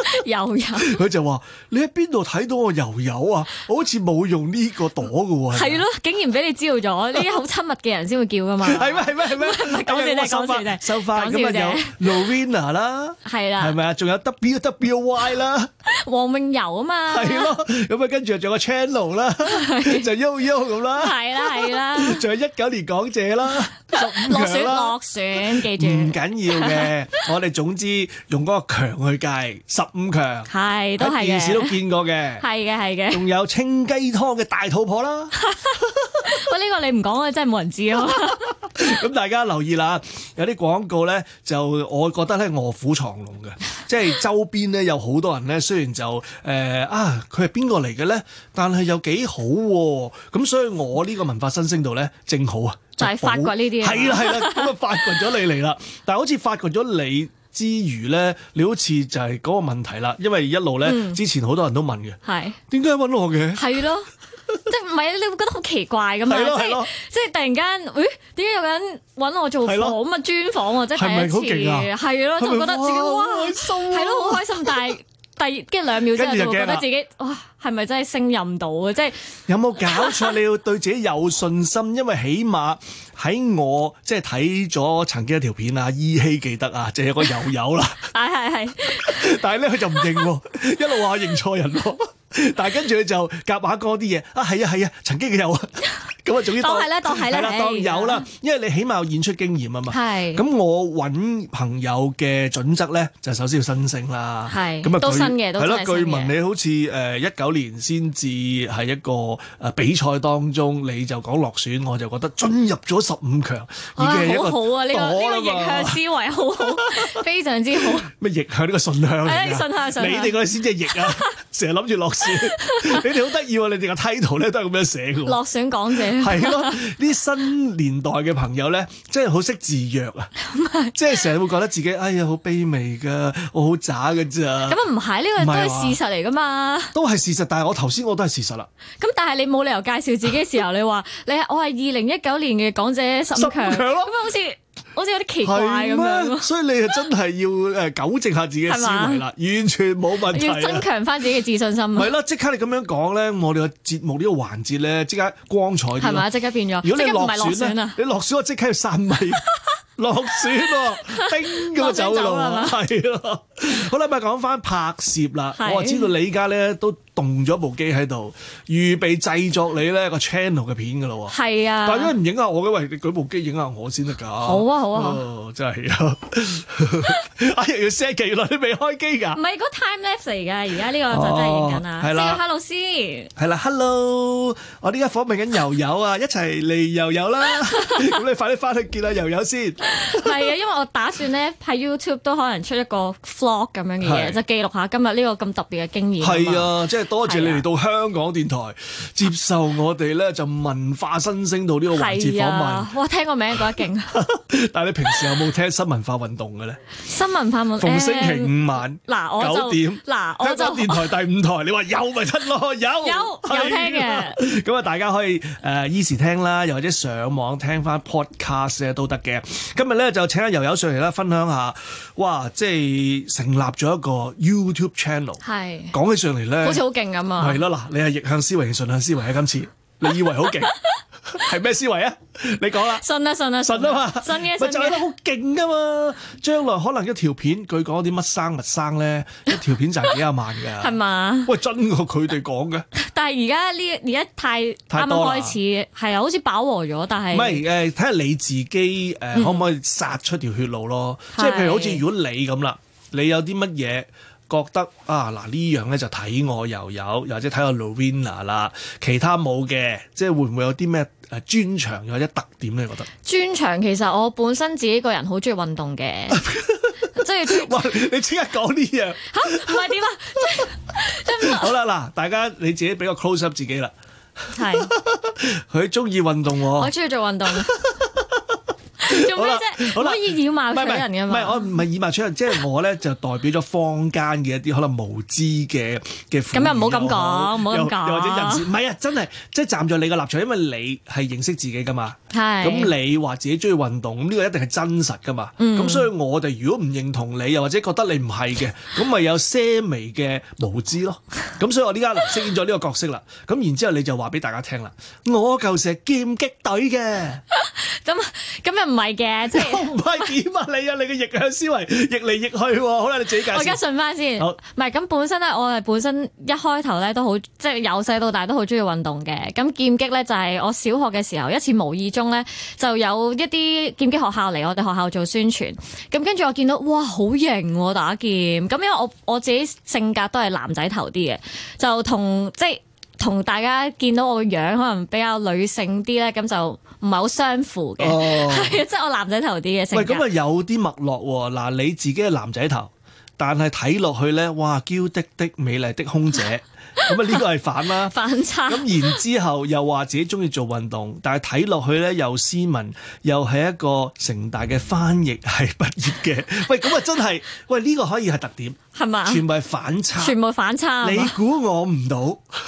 友 友油油笑，佢就話你喺邊度睇到我友友啊？我好似冇用呢個朵噶喎。係咯， 竟然俾你知道咗，呢啲好親密嘅人先會叫噶嘛。係咩？ 係咩？係咩？講笑定收快？收快咁啊！有 Lorena 啦，係啦，係咪啊？仲有 W W Y 啦，黃詠柔啊嘛。係咯，咁啊，跟住就仲有 Channel 啦， 就 Yo Yo 咁啦。係啦，係啦，仲有一九年港姐啦，落選啦，落選， 記住唔緊要嘅，我哋總之用嗰個強去計十。五強，係都係嘅，電視都見過嘅，係嘅係嘅，仲有清雞湯嘅大肚婆啦，喂， 呢、這個你唔講啊，真係冇人知咯。咁 大家留意啦，有啲廣告咧，就我覺得咧臥虎藏龍嘅， 即係周邊咧有好多人咧，雖然就誒、呃、啊，佢係邊個嚟嘅咧，但係又幾好、啊，咁所以我呢個文化新星道咧，正好啊，就 發掘呢啲，嘢。係啦係啦，咁啊發掘咗你嚟啦，但係好似發掘咗你之餘咧，你好似就係嗰個問題啦，因為一路咧、嗯、之前好多人都問嘅，係點解搵我嘅？係咯，即係唔係你會覺得好奇怪咁樣，即係即係突然間，誒點解有個人搵我做訪問的專訪啊？即係第一次，係咯、啊，就覺得自己哇好鬆，係咯哇，好、啊、開心，但係。 跟住兩秒之後，覺得自己哇，係咪真係升任到啊？即係有冇搞錯？ 你要對自己有信心，因為起碼喺我即係睇咗曾經一條片啦，依稀記得啊，就有個友友啦。係係係，但係咧佢就唔認喎， 一路話認錯人咯。但係跟住佢就夾把哥啲嘢啊，係啊係啊，曾經嘅有啊，咁啊終於都係咧，都係咧，當然有啦，因為你起碼有演出經驗啊嘛。係。咁我揾朋友嘅準則咧，就首先要新星啦。係。咁啊，都新嘅，都係新嘅。係啦，據聞你好似誒一九年先至係一個誒比賽當中，你就講落選，我就覺得進入咗十五強已經係一個。哇，好好啊，呢個呢個逆向思維，好好，非常之好。咩逆向？呢個順向嚟噶順向順。你哋嗰啲先至係逆啊，成日諗住落。 你哋好得意，你哋嘅 title 咧都係咁樣寫嘅。落選港姐係 咯。呢新年代嘅朋友咧，真係好識自虐啊！ 是即係成日會覺得自己哎呀好卑微噶，我好渣噶咋？咁啊唔係呢個都係事實嚟噶嘛？都係事實，但係我頭先我都係事實啦。咁但係你冇理由介紹自己嘅時候， 你話你我係二零一九年嘅港姐十強，十強咯，咁好似。好似有啲奇怪咁樣，所以你係真係要誒糾正下自己嘅思維啦，嗎完全冇問題。要增強翻自己嘅自信心 咪係囉，即刻你咁樣講咧，我哋個節目呢個環節咧，即刻光彩啲係嘛？即刻變咗。如果你落選咧，落你落選我即刻要散咪 落選，叮咁走路啊，係咯。 好啦，咪講翻拍攝啦。是我知道你而家咧都動咗部機喺度，預備製作你咧個 channel 嘅片噶啦。係啊，但係因為唔影下我嘅，喂，你舉部機影下我先得噶。好啊，好啊，oh, 真係、 哎 哦、啊！阿爺要 set 機，原來你未開機噶。唔係，嗰 time lapse 嚟噶。而家呢個就真係影緊啊。係啦，hello 先。係啦，hello。我呢家訪問緊柔柔啊，一齊嚟柔柔啦。咁你快啲翻去見下柔柔先。係啊，因為我打算咧喺 YouTube 都可能出一個。咁樣嘅嘢，就記錄下今日呢個咁特別嘅經驗。係啊，即係多謝你嚟到香港電台、啊、接受我哋咧，就文化新星道呢個環節訪問、啊。哇，聽個名覺得勁。 但係你平時有冇聽新文化運動嘅咧？新文化運動。逢星期五晚、嗯。嗱九點，我就嗱，我就電台第五台， 你話有咪得咯？有有有！的有聽嘅。咁啊，大家可以誒依時聽啦，又、uh, 或者上網聽翻 podcast 都得嘅。今日咧就請阿柔柔上嚟啦，分享下哇，即係。成立咗一個 YouTube channel，係講起上嚟咧，好似好勁咁啊！係咯，嗱，你係逆向思維，順向思維喺今次，你以為好勁，係咩思維啊？你講啦，順啊順啊順啊嘛，順嘅，咪做得好勁噶嘛！將來可能一條片，佢講啲乜生物生咧，一條片就賺幾廿萬噶，係嘛？喂，真過佢哋講嘅，但係而家呢？而家太啱啱開始，係啊，好似飽和咗，但係唔係誒，睇下你自己誒，可唔可以殺出條血路咯？即係譬如好似如果你咁啦。你有啲乜嘢覺得啊？嗱，呢樣咧就睇我又有，又或者睇我 Lovina 啦，其他冇嘅，即係會唔會有啲咩誒專長，有啲特點咧？你覺得？專長，其實我本身自己個人好中意運動嘅，即係 你即刻講呢樣吓？唔係點啊？好啦，嗱，大家你自己俾我 close up 自己啦。係是，佢中意運動，我中意做運動。 做咩可以以貌取人噶嘛？唔係我唔係以貌取人，即係我咧就代表咗坊間嘅一啲可能無知嘅嘅。咁又唔好咁講，唔好咁講。又或者人事唔係啊？真係即係站在你嘅立場，因為你係認識自己噶嘛。係是。咁你話自己中意運動，呢個一定係真實噶嘛？咁、嗯、所以，我哋如果唔認同你，又或者覺得你唔係嘅，咁咪有些微嘅無知咯。咁所以我呢家就飾演咗呢個角色啦。咁然之後，你就話俾大家聽啦。我舊時係劍擊隊嘅。咁咁又唔係？嘅，yeah, 即係唔係點啊！ 你啊，你嘅逆向思維，逆嚟逆去、啊，好啦，你自己解釋好。我而家順翻先，好唔係咁本身咧，我係本身一開頭咧都好，即係由細到大都好中意運動嘅。咁劍擊咧就係我小學嘅時候一次無意中咧就有一啲劍擊學校嚟我哋學校做宣傳，咁跟住我見到，哇好型、啊、打劍，咁因為我我自己性格都係男仔頭啲嘅，就同即係同大家見到我個樣可能比較女性啲咧，咁就，唔係好相符嘅，係啊，即係我男仔頭啲嘅性格。喂，咁啊有啲脈絡喎，嗱你自己係男仔頭，但係睇落去咧，哇嬌滴滴美麗的空姐。 咁啊，呢個係反啦，反差。咁然之後又話自己中意做運動，但係睇落去咧又斯文，又係一個城大嘅翻譯系畢業嘅。喂，咁啊真係，喂呢個可以係特點，係嘛嗎？全部係反差，全部反差。你估我唔到？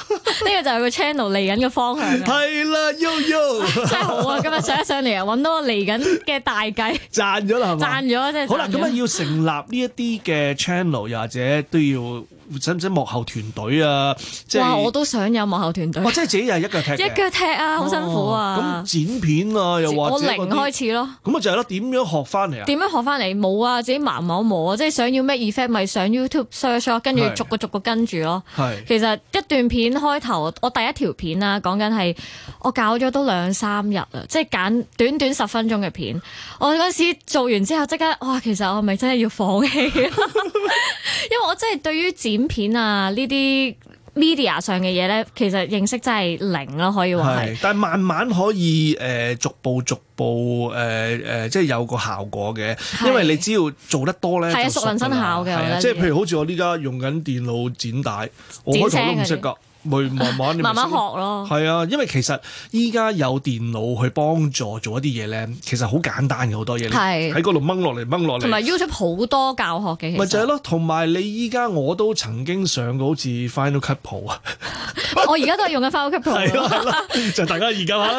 呢個就係個 channel 嚟緊嘅方向。係 啦，喐喐真係好啊！今日上一上嚟啊，搵到嚟緊嘅大計，賺咗啦，賺咗即係。好啦，咁啊要成立呢一啲嘅 channel，又或者都要。使唔使幕後團隊啊？即係我都想有幕後團隊。哇！即係自己又係一腳踢， 一腳踢啊，好辛苦啊！咁、哦、剪片啊，又話我零開始咯。咁啊，就係咯，點樣學翻嚟啊？點樣學翻嚟？冇啊，自己盲摸摸啊！即係想要咩 effect，咪上 YouTube search 咯，跟住逐個逐個跟住咯。是其實一段片開頭，我第一條片啊，講緊係我搞咗都兩三日啊，即係揀短短十分鐘嘅片。我嗰時做完之後，即刻哇！其實我咪真係要放棄， 因為我真係對於自剪片，片啊呢啲 media 上嘅嘢咧，其實認識真係零咯，可以話係。但係慢慢可以誒、呃、逐步逐步誒誒、呃呃，即係有個效果嘅，因為你只要做得多咧，係啊熟能生巧嘅，即係對譬如好似我呢家用緊電腦剪帶，剪我全部都唔識㗎。慢慢慢慢學咯，係啊，因為其實依家有電腦去幫助做一啲嘢咧，其實好簡單嘅好多嘢，喺嗰度掹落嚟，掹落嚟。同埋 YouTube 好多教學嘅，咪就係咯。同埋你依家我都曾經上過好似 Final Cut Pro 啊， 我而家都係用緊 Final Cut Pro，就大家而家嘛，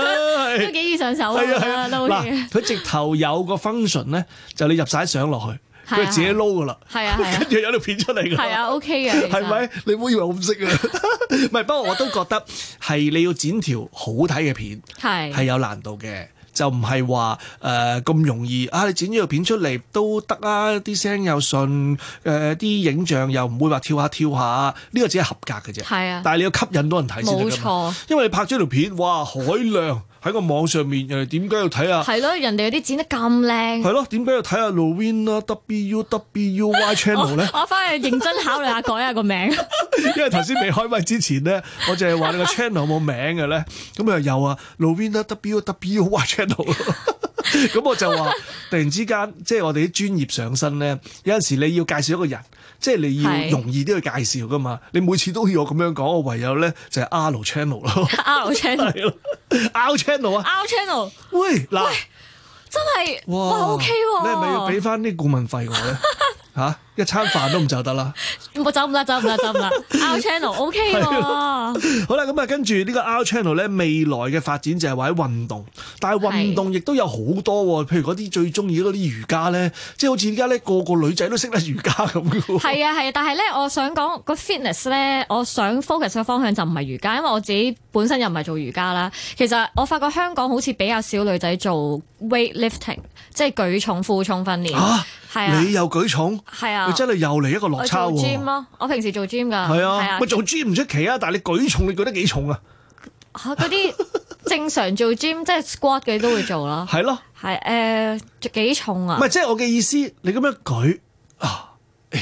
都幾 易上手啊，都好嘢。佢直頭有個 function 咧，就你入晒相落去。佢 自己撈噶啦，係啊，跟住、啊、有條片出嚟噶，係啊， 啊，OK 嘅，係咪吧？ 你唔好以為我唔識啊，唔係， 不過我都覺得係你要剪條好睇嘅片，係係有難度嘅，啊、就唔係話誒咁容易啊！你剪咗條片出嚟都得啊，啲聲又順，誒、呃、啲影像又唔會話跳下跳下，呢、這個只係合格嘅啫，係啊，但係你要吸引到人睇先得噶，沒錯 因為你拍咗條片，哇海量！ 喺個網上面，人哋點解要睇下？係咯，人哋啲剪得咁靚。係咯，點解要睇下 Louvin w u w y Channel 咧？我翻去認真考慮下，改下，改下個名。因為頭先未開咪之前咧， 我有有呢就係話你個 channel 有冇名嘅咧，咁啊又啊，Louvin w u w y Channel。 咁 我就話突然之間，即係我哋啲專業上身咧，有陣時你要介紹一個人，即係你要容易啲去介紹噶嘛。你每次都要我咁樣講，我唯有咧就係 R channel 咯 ，R channel 啊 ，R channel。R channel 喂，嗱，真係哇，OK 喎，喂你係咪要俾翻啲顧問費我咧？ 吓、啊、一餐飯都唔 走得啦！我走唔得，走唔得，走唔得 ！R channel OK 喎。 好啦，咁啊，跟住呢個 R channel 咧，未來嘅發展就係喺運動，但係運動亦都有好多，譬如嗰啲最中意嗰啲瑜伽咧，即係好似依家咧個個女仔都識得瑜伽咁嘅。係啊係、啊，但係咧，我想講、個 fitness 咧，我想 focus 嘅方向就唔係瑜伽，因為我自己本身又唔係做瑜伽啦。其實我發覺香港好似比較少女仔做 weight lifting，即係舉重，重訓練，負重訓練。你又舉重？係啊，你真係又嚟一個落差喎！我做 gym 咯，我平時做 gym 噶。係啊，咪做 gym 唔出奇啊！但係你舉重，你舉得幾重啊？吓，嗰啲正常做 gym 即係 squat 嘅都會做啦。係咯，係誒，幾重啊？唔係，即係我嘅意思，你咁樣舉啊，誒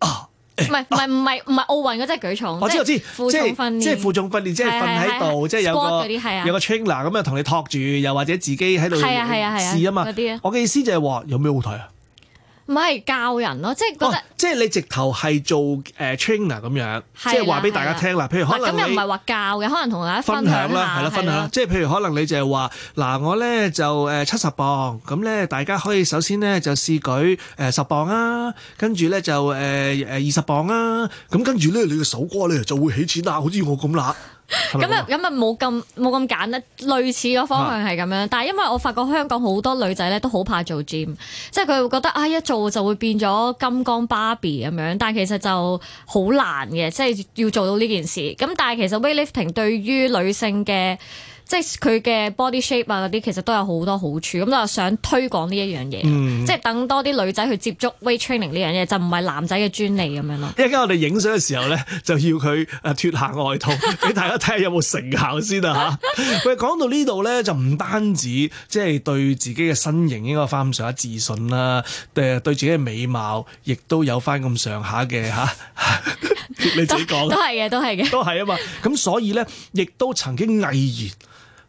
啊，唔係唔係唔係唔係奧運嗰隻舉重。我知我知，即係即係負重訓練，即係瞓喺度，即係有個有個 trainer 咁啊，同你托住，又或者自己喺度係啊係啊試啊嘛。啲啊，我嘅意思就係話有咩好睇啊？唔係教人咯，即係覺得，哦、即係你直頭係做誒 trainer 咁樣，的即係話俾大家聽啦。的譬如可能咁、啊、又唔係話教嘅，可能同大家分享啦，係啦，分享啦。的的即係譬如可能你就係話，嗱，我咧就誒七十磅，咁咧大家可以首先咧就試舉誒十、呃、磅啊，跟住咧就誒誒二十磅啊，咁跟住咧你嘅手瓜咧就會起錢啦，好似我咁啦。咁啊，咁啊，冇咁冇咁簡單咧，類似個方向係咁樣，啊、但係因為我發覺香港好多女仔咧都好怕做 gym，即係佢會覺得，哎、啊、一做就會變咗金剛芭比咁樣，但係其實就好難嘅，即係要做到呢件事。咁但係其實 weightlifting 對於女性嘅。即係佢嘅 body shape 啊嗰啲，其實都有好多好處，咁就係想推廣呢一樣嘢，嗯、即係等多啲女仔去接觸 weight training 呢樣嘢，就唔係男仔嘅專利咁樣咯。一陣間我哋影相嘅時候咧， 就要佢誒脫下外套俾大家睇下有冇成效先啊嚇！喂，講到呢度咧，就唔單止即係對自己嘅身形應該有翻咁上下自信啦，誒對自己嘅美貌亦都有翻咁上下嘅嚇。 你自己講 都係嘅，都係嘅，都係啊嘛。咁所以咧，亦都曾經毅然。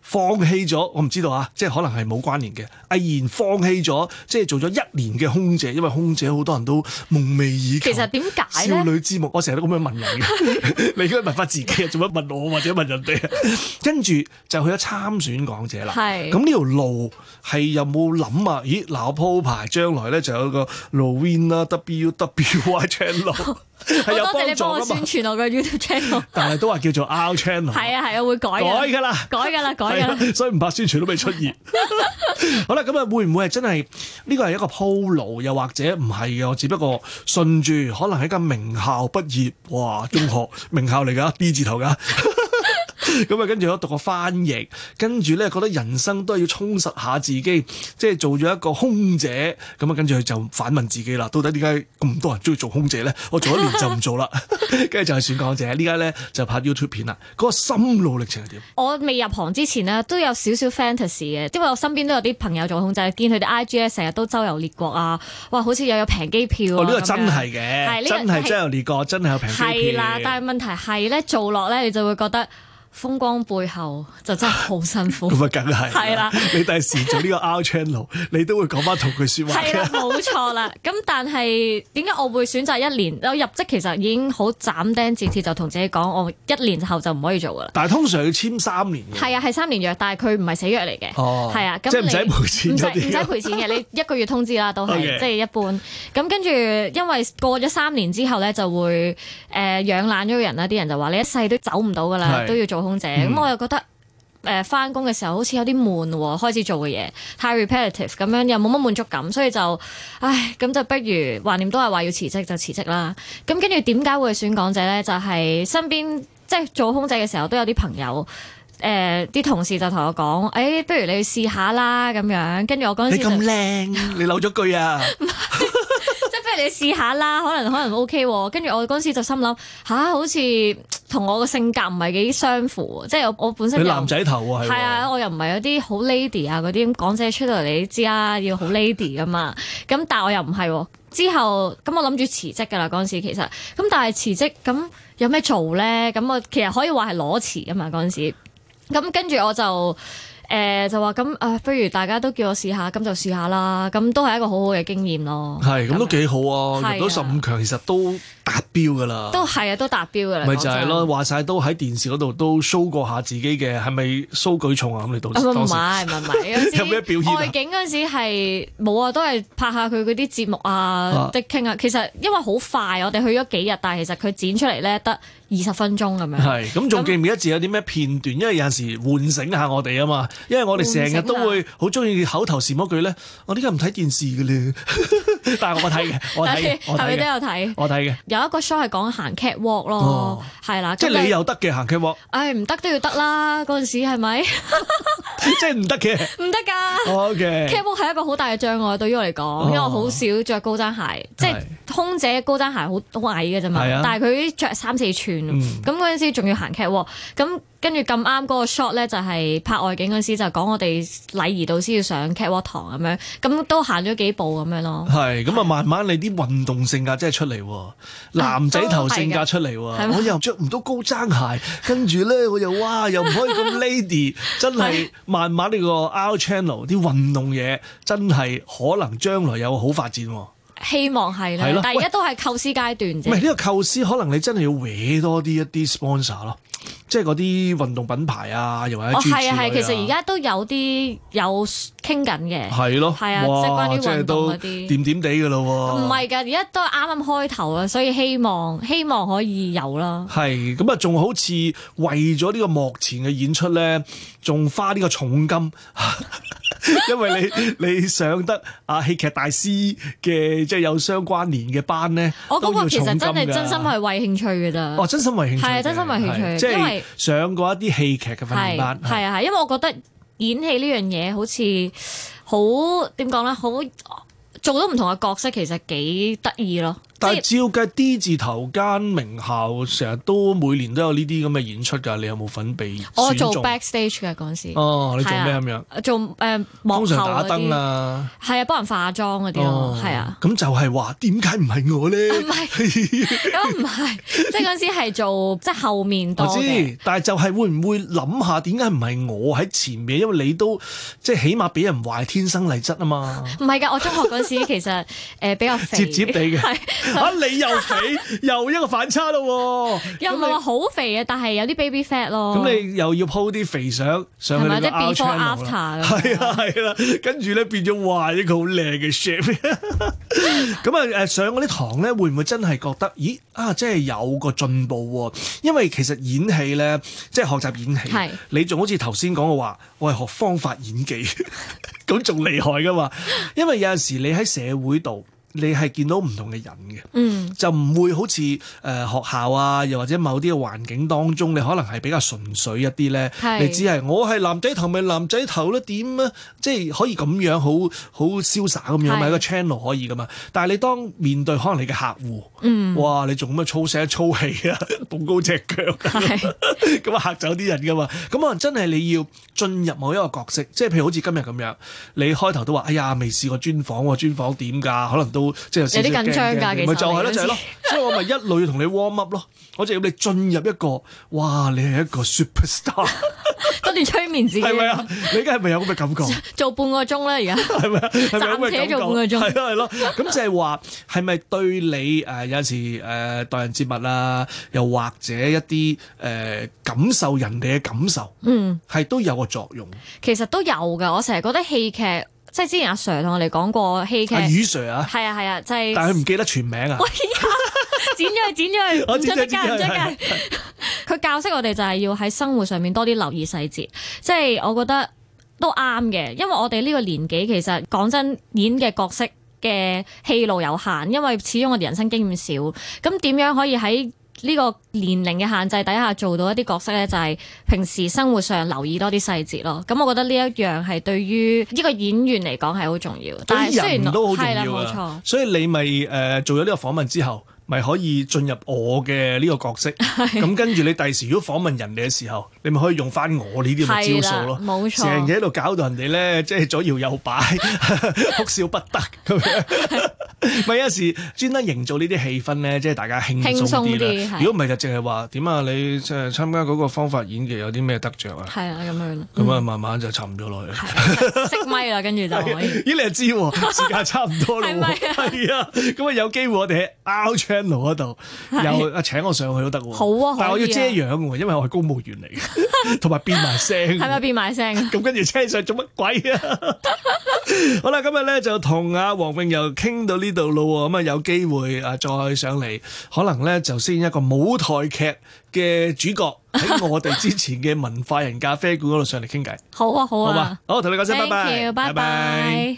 放棄咗，我唔知道啊！即係可能係冇關聯嘅，毅然放棄咗，即係做咗一年嘅空姐，因為空姐好多人都夢寐以求。其實點解？少女之夢，我成日都咁樣問人嘅， 你應該問翻自己啊？做乜問我或者問人哋？跟住就去咗參選港姐啦。係是。咁呢條路係有冇諗啊？咦，嗱我鋪排將來咧就有個 Rowena W W Y Channel。 係有幫助㗎嘛？多謝你幫我宣傳我個 YouTube channel， 但係都話叫做 out channel。係 啊係啊，會改改噶啦，改噶啦，改噶啦。所以唔怕宣傳都未出現。 好啦，咁啊會唔會係真係呢個係一個鋪路，又或者唔係嘅？我只不過順住可能係間名校畢業，哇，中學名校嚟噶 d 字頭噶。 咁啊，跟住我讀個翻譯，跟住咧覺得人生都係要充實下自己，即係做咗一個空姐。咁啊，跟住佢就反問自己啦，到底點解咁多人中意做空姐咧？我做一年就唔做啦，跟住 就係選港姐。呢家咧就拍 YouTube 片啦。嗰個心路歷程係點？我未入行之前呢，都有少少 fantasy 嘅，因為我身邊都有啲朋友做空姐，見佢哋 IG 成日都周遊列國啊，哇，好似又有平機票。呢個真係嘅，真係周遊列國，真係有平機票。係啦，但係問題係咧做落咧，你就會覺得。風光背後就真係好辛苦，咁 啊，梗係係啦。你第時做呢個 out channel， 你都會講翻同佢說話嘅， 係啊，冇錯啦。咁但係點解我會選擇一年？我入職其實已經好斬釘截鐵，就同自己講，我一年後就唔可以做噶啦。但係通常要簽三年嘅，係啊，係三年約，但係佢唔係死約嚟嘅，哦，係啊，咁即係唔使賠錢，唔使唔使賠錢嘅，你一個月通知啦都係，Okay. 即係一般。咁跟住因為過咗三年之後咧，就會誒養懶咗人啦，啲人就話你一世都走唔到噶啦，都要做。空姐咁，嗯、我又覺得誒，翻工嘅時候好似有啲悶喎，開始做嘅嘢，太 repetitive 咁樣，又冇乜滿足感，所以就，唉，咁就不如橫掂都係話要辭職就辭職啦。咁跟住點解會選港姐呢？就係、是、身邊即係做空姐嘅時候，都有啲朋友，誒、呃，啲同事就同我講，誒、欸，不如你去試下啦，咁樣。跟住我嗰陣時，你咁靚， 你漏咗句啊。 你試下啦，可能可能 OK 喎、啊。跟住我嗰陣時就心諗吓、啊，好似同我個性格唔係幾相符。即係我本身佢男仔頭喎。係啊，我又唔係有啲好 lady 啊嗰啲，港姐出到嚟你知啦，要好 lady 噶、啊、嘛。咁但係我又唔係、啊。之後咁我諗住辭職㗎啦嗰陣時，其實咁但係辭職咁有咩做咧？咁我其實可以話係裸辭啊嘛嗰陣時。咁跟住我就。誒、呃、就話咁啊，不如大家都叫我試下，咁就試下啦。咁都係一個好好嘅經驗咯。係，咁都幾好啊。的入到十五強其實都。達標噶啦，都係啊，都達標噶啦。咪就係咯，話晒都喺電視嗰度都 show 過下自己嘅，係咪 show 舉重啊？咁你到唔係唔係唔係有咩表現，啊、外景嗰陣時係冇啊，都係拍下佢嗰啲節目啊，的傾啊，啊。其實因為好快，我哋去咗幾日，但係其實佢剪出嚟咧得二十分鐘咁樣。係咁仲記唔記得自己有啲咩片段？因為有陣時喚醒下我哋啊嘛，因為我哋成日都會好中意口頭禪嗰句，呢、啊、句咧， 我呢家唔睇電視噶咧，但係我睇嘅，我睇我睇 都有睇，我睇嘅。有一個 show 係講行 cat walk 咯，係啦，是是 即係你又得嘅行 cat walk，唉，唔得都要得啦，嗰陣時係咪？即係唔得嘅，唔得噶。O K，cat walk 係一個好大嘅障礙，對於我嚟講，哦、因為我好少着高踭鞋，哦、即係空姐高踭鞋好好矮嘅啫嘛。的但係佢着三四寸，咁嗰陣時仲要行 cat walk，咁。跟住咁啱嗰個 shot 咧，就係拍外景嗰時就講我哋禮儀導師要上 catwalk 堂咁樣，咁都行咗幾步咁樣咯。係咁啊，慢慢你啲運動性格真係出嚟，男仔頭性格出嚟，我又着唔到高踭鞋，跟住咧我又哇，又唔可以咁 lady，真係慢慢呢個 our channel 啲 運動嘢真係可能將來有好發展。希望係啦，的但係而家都係構思階段啫。唔係呢個構思，可能你真係要搲多啲一啲 sponsor 咯。即係嗰啲運動品牌啊，又或者、啊、哦係啊係，其實而家都有啲有傾緊嘅。係咯，係啊，即係關於運動嗰啲，即都點點地㗎咯喎。唔係㗎，而家都啱啱開頭啊，所以希望希望可以有啦。係咁啊，仲好似為咗呢個幕前嘅演出咧。仲花呢個重金， 因為你你上得啊戲劇大師嘅即係有相關聯嘅班咧，我嗰那個其實真係真心係為興趣噶咋，哦，真心為興趣，係啊、哦、真心為興趣，即係因為上過一啲戲劇嘅訓練班，係啊係，因為我覺得演戲呢樣嘢好似好點講咧好。做到唔同嘅角色，其實幾得意咯。但係照計計 D 字頭間名校，成日都每年都有呢啲咁嘅演出㗎。你有冇份？我做 backstage 㗎陣時。哦，你做咩咁樣？做誒幕後，通常打燈啊。係啊，幫人化妝嗰啲咯，係啊。咁就係話點解唔係我咧？唔係，咁唔係，即係陣時係做即係後面多嘅。我知，但係就係會唔會諗下點解唔係我喺前面？因為你都即係起碼俾人話係天生麗質啊嘛。唔係㗎，我中學陣時。其實誒比較肥，接接地嘅，吓、 啊、你又肥， 又一個反差咯。又唔係話好肥啊，但係有啲 baby fat 咯。咁你又要 po 啲肥相上去咯？係即係 before after？係 啊係啦，跟住咧變咗，哇！一個好靚嘅 shape。咁啊誒，上嗰啲堂咧，會唔會真係覺得，咦啊，真係有個進步、啊？因為其實演戲咧，即係學習演戲，是你仲好似頭先講嘅話，我係學方法演技，咁仲厲害噶嘛？因為有陣時你喺。社會度。你係見到唔同嘅人嘅，嗯、就唔會好似誒、呃、學校啊，又或者某啲嘅環境當中，你可能係比較純粹一啲咧。是 你只係我係男仔頭咪男仔頭咯，點啊？即係可以咁樣好好瀟灑咁樣咪是 一個 channel 可以噶嘛。但係你當面對可能你嘅客戶，嗯、哇！你做咁乜粗聲粗氣啊，步步隻腳咁啊是 嚇走啲人噶嘛？咁可能真係你要進入某一個角色，即係譬如好似今日咁樣，你開頭都話：哎呀，未試過專訪喎，專訪點㗎？可能都。即有啲緊張㗎，其實咪就係咯、就係，就係、係、咯，所以我咪一路要同你 warm up 咯，我就要你進入一個，哇，你係一個 super star，不斷 催眠自己，係咪啊？你而家係咪有咁嘅感覺？做半個鐘咧，而家係咪啊？係係暫且時 做半個鐘，係咯係咯，咁就係話，係咪對你誒有時誒待、呃、人接物啦，又或者一啲誒、呃、感受人哋嘅感受，嗯，係都有個作用。其實都有㗎，我成日覺得戲劇。即係之前阿 Sir 同我哋講過戲劇，係雨 Sir 啊，係啊，係啊，啊，啊，啊，就係、是，但係佢唔記得全名啊，剪咗佢，剪咗佢，我知。佢教識我哋就係要喺生活上面多啲留意細節，即係我覺得都啱嘅，因為我哋呢個年紀其實講真，演嘅角色嘅戲路有限，因為始終我哋人生經驗少，咁點樣可以喺？呢個年齡嘅限制底下做到一啲角色咧，就係平時生活上留意多啲細節咯。咁，嗯，我覺得呢一樣係對於一個演員嚟講係好重要，對於人，但雖然都好重要啊。所以你咪，誒，做咗呢個訪問之後，咪可以進入我嘅呢個角色。咁跟住你第時如果訪問人哋嘅時候。你咪可以用翻我呢啲招數咯，冇錯，成日喺度搞到人哋咧，即係左搖右擺，哭笑不得咁樣。咪有時專登營造呢啲氣氛咧，即係大家輕鬆啲。如果唔係就淨係話，點啊你即係參加嗰個方法演技有啲咩得着啊？係啊，咁樣。咁啊，慢慢就沉咗落去，熄咪啦，跟住就。咦？你又知？時間差唔多咯。係啊，咁啊，有機會我哋 out channel 嗰度又啊，請我上去都得。好啊，但係我要遮樣嘅，因為我係公務員嚟嘅。同埋變埋聲，係咪變埋聲？咁跟住車上做乜鬼啊？好啦，今日咧就同阿黃詠柔傾到呢度咯，咁啊有機會啊再上嚟，可能咧就先一個舞台劇嘅主角喺我哋之前嘅文化人咖啡館嗰度上嚟傾偈。好啊，好啊，好，好，同你講聲拜拜，拜拜。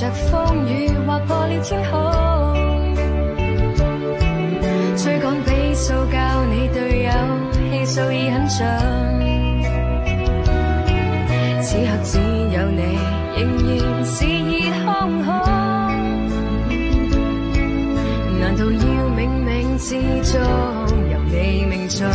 着風雨劃破了天空，追趕比數教你隊友，氣數已很盡。此刻只有你仍然是熱烘烘，難道要冥冥之中由你命中？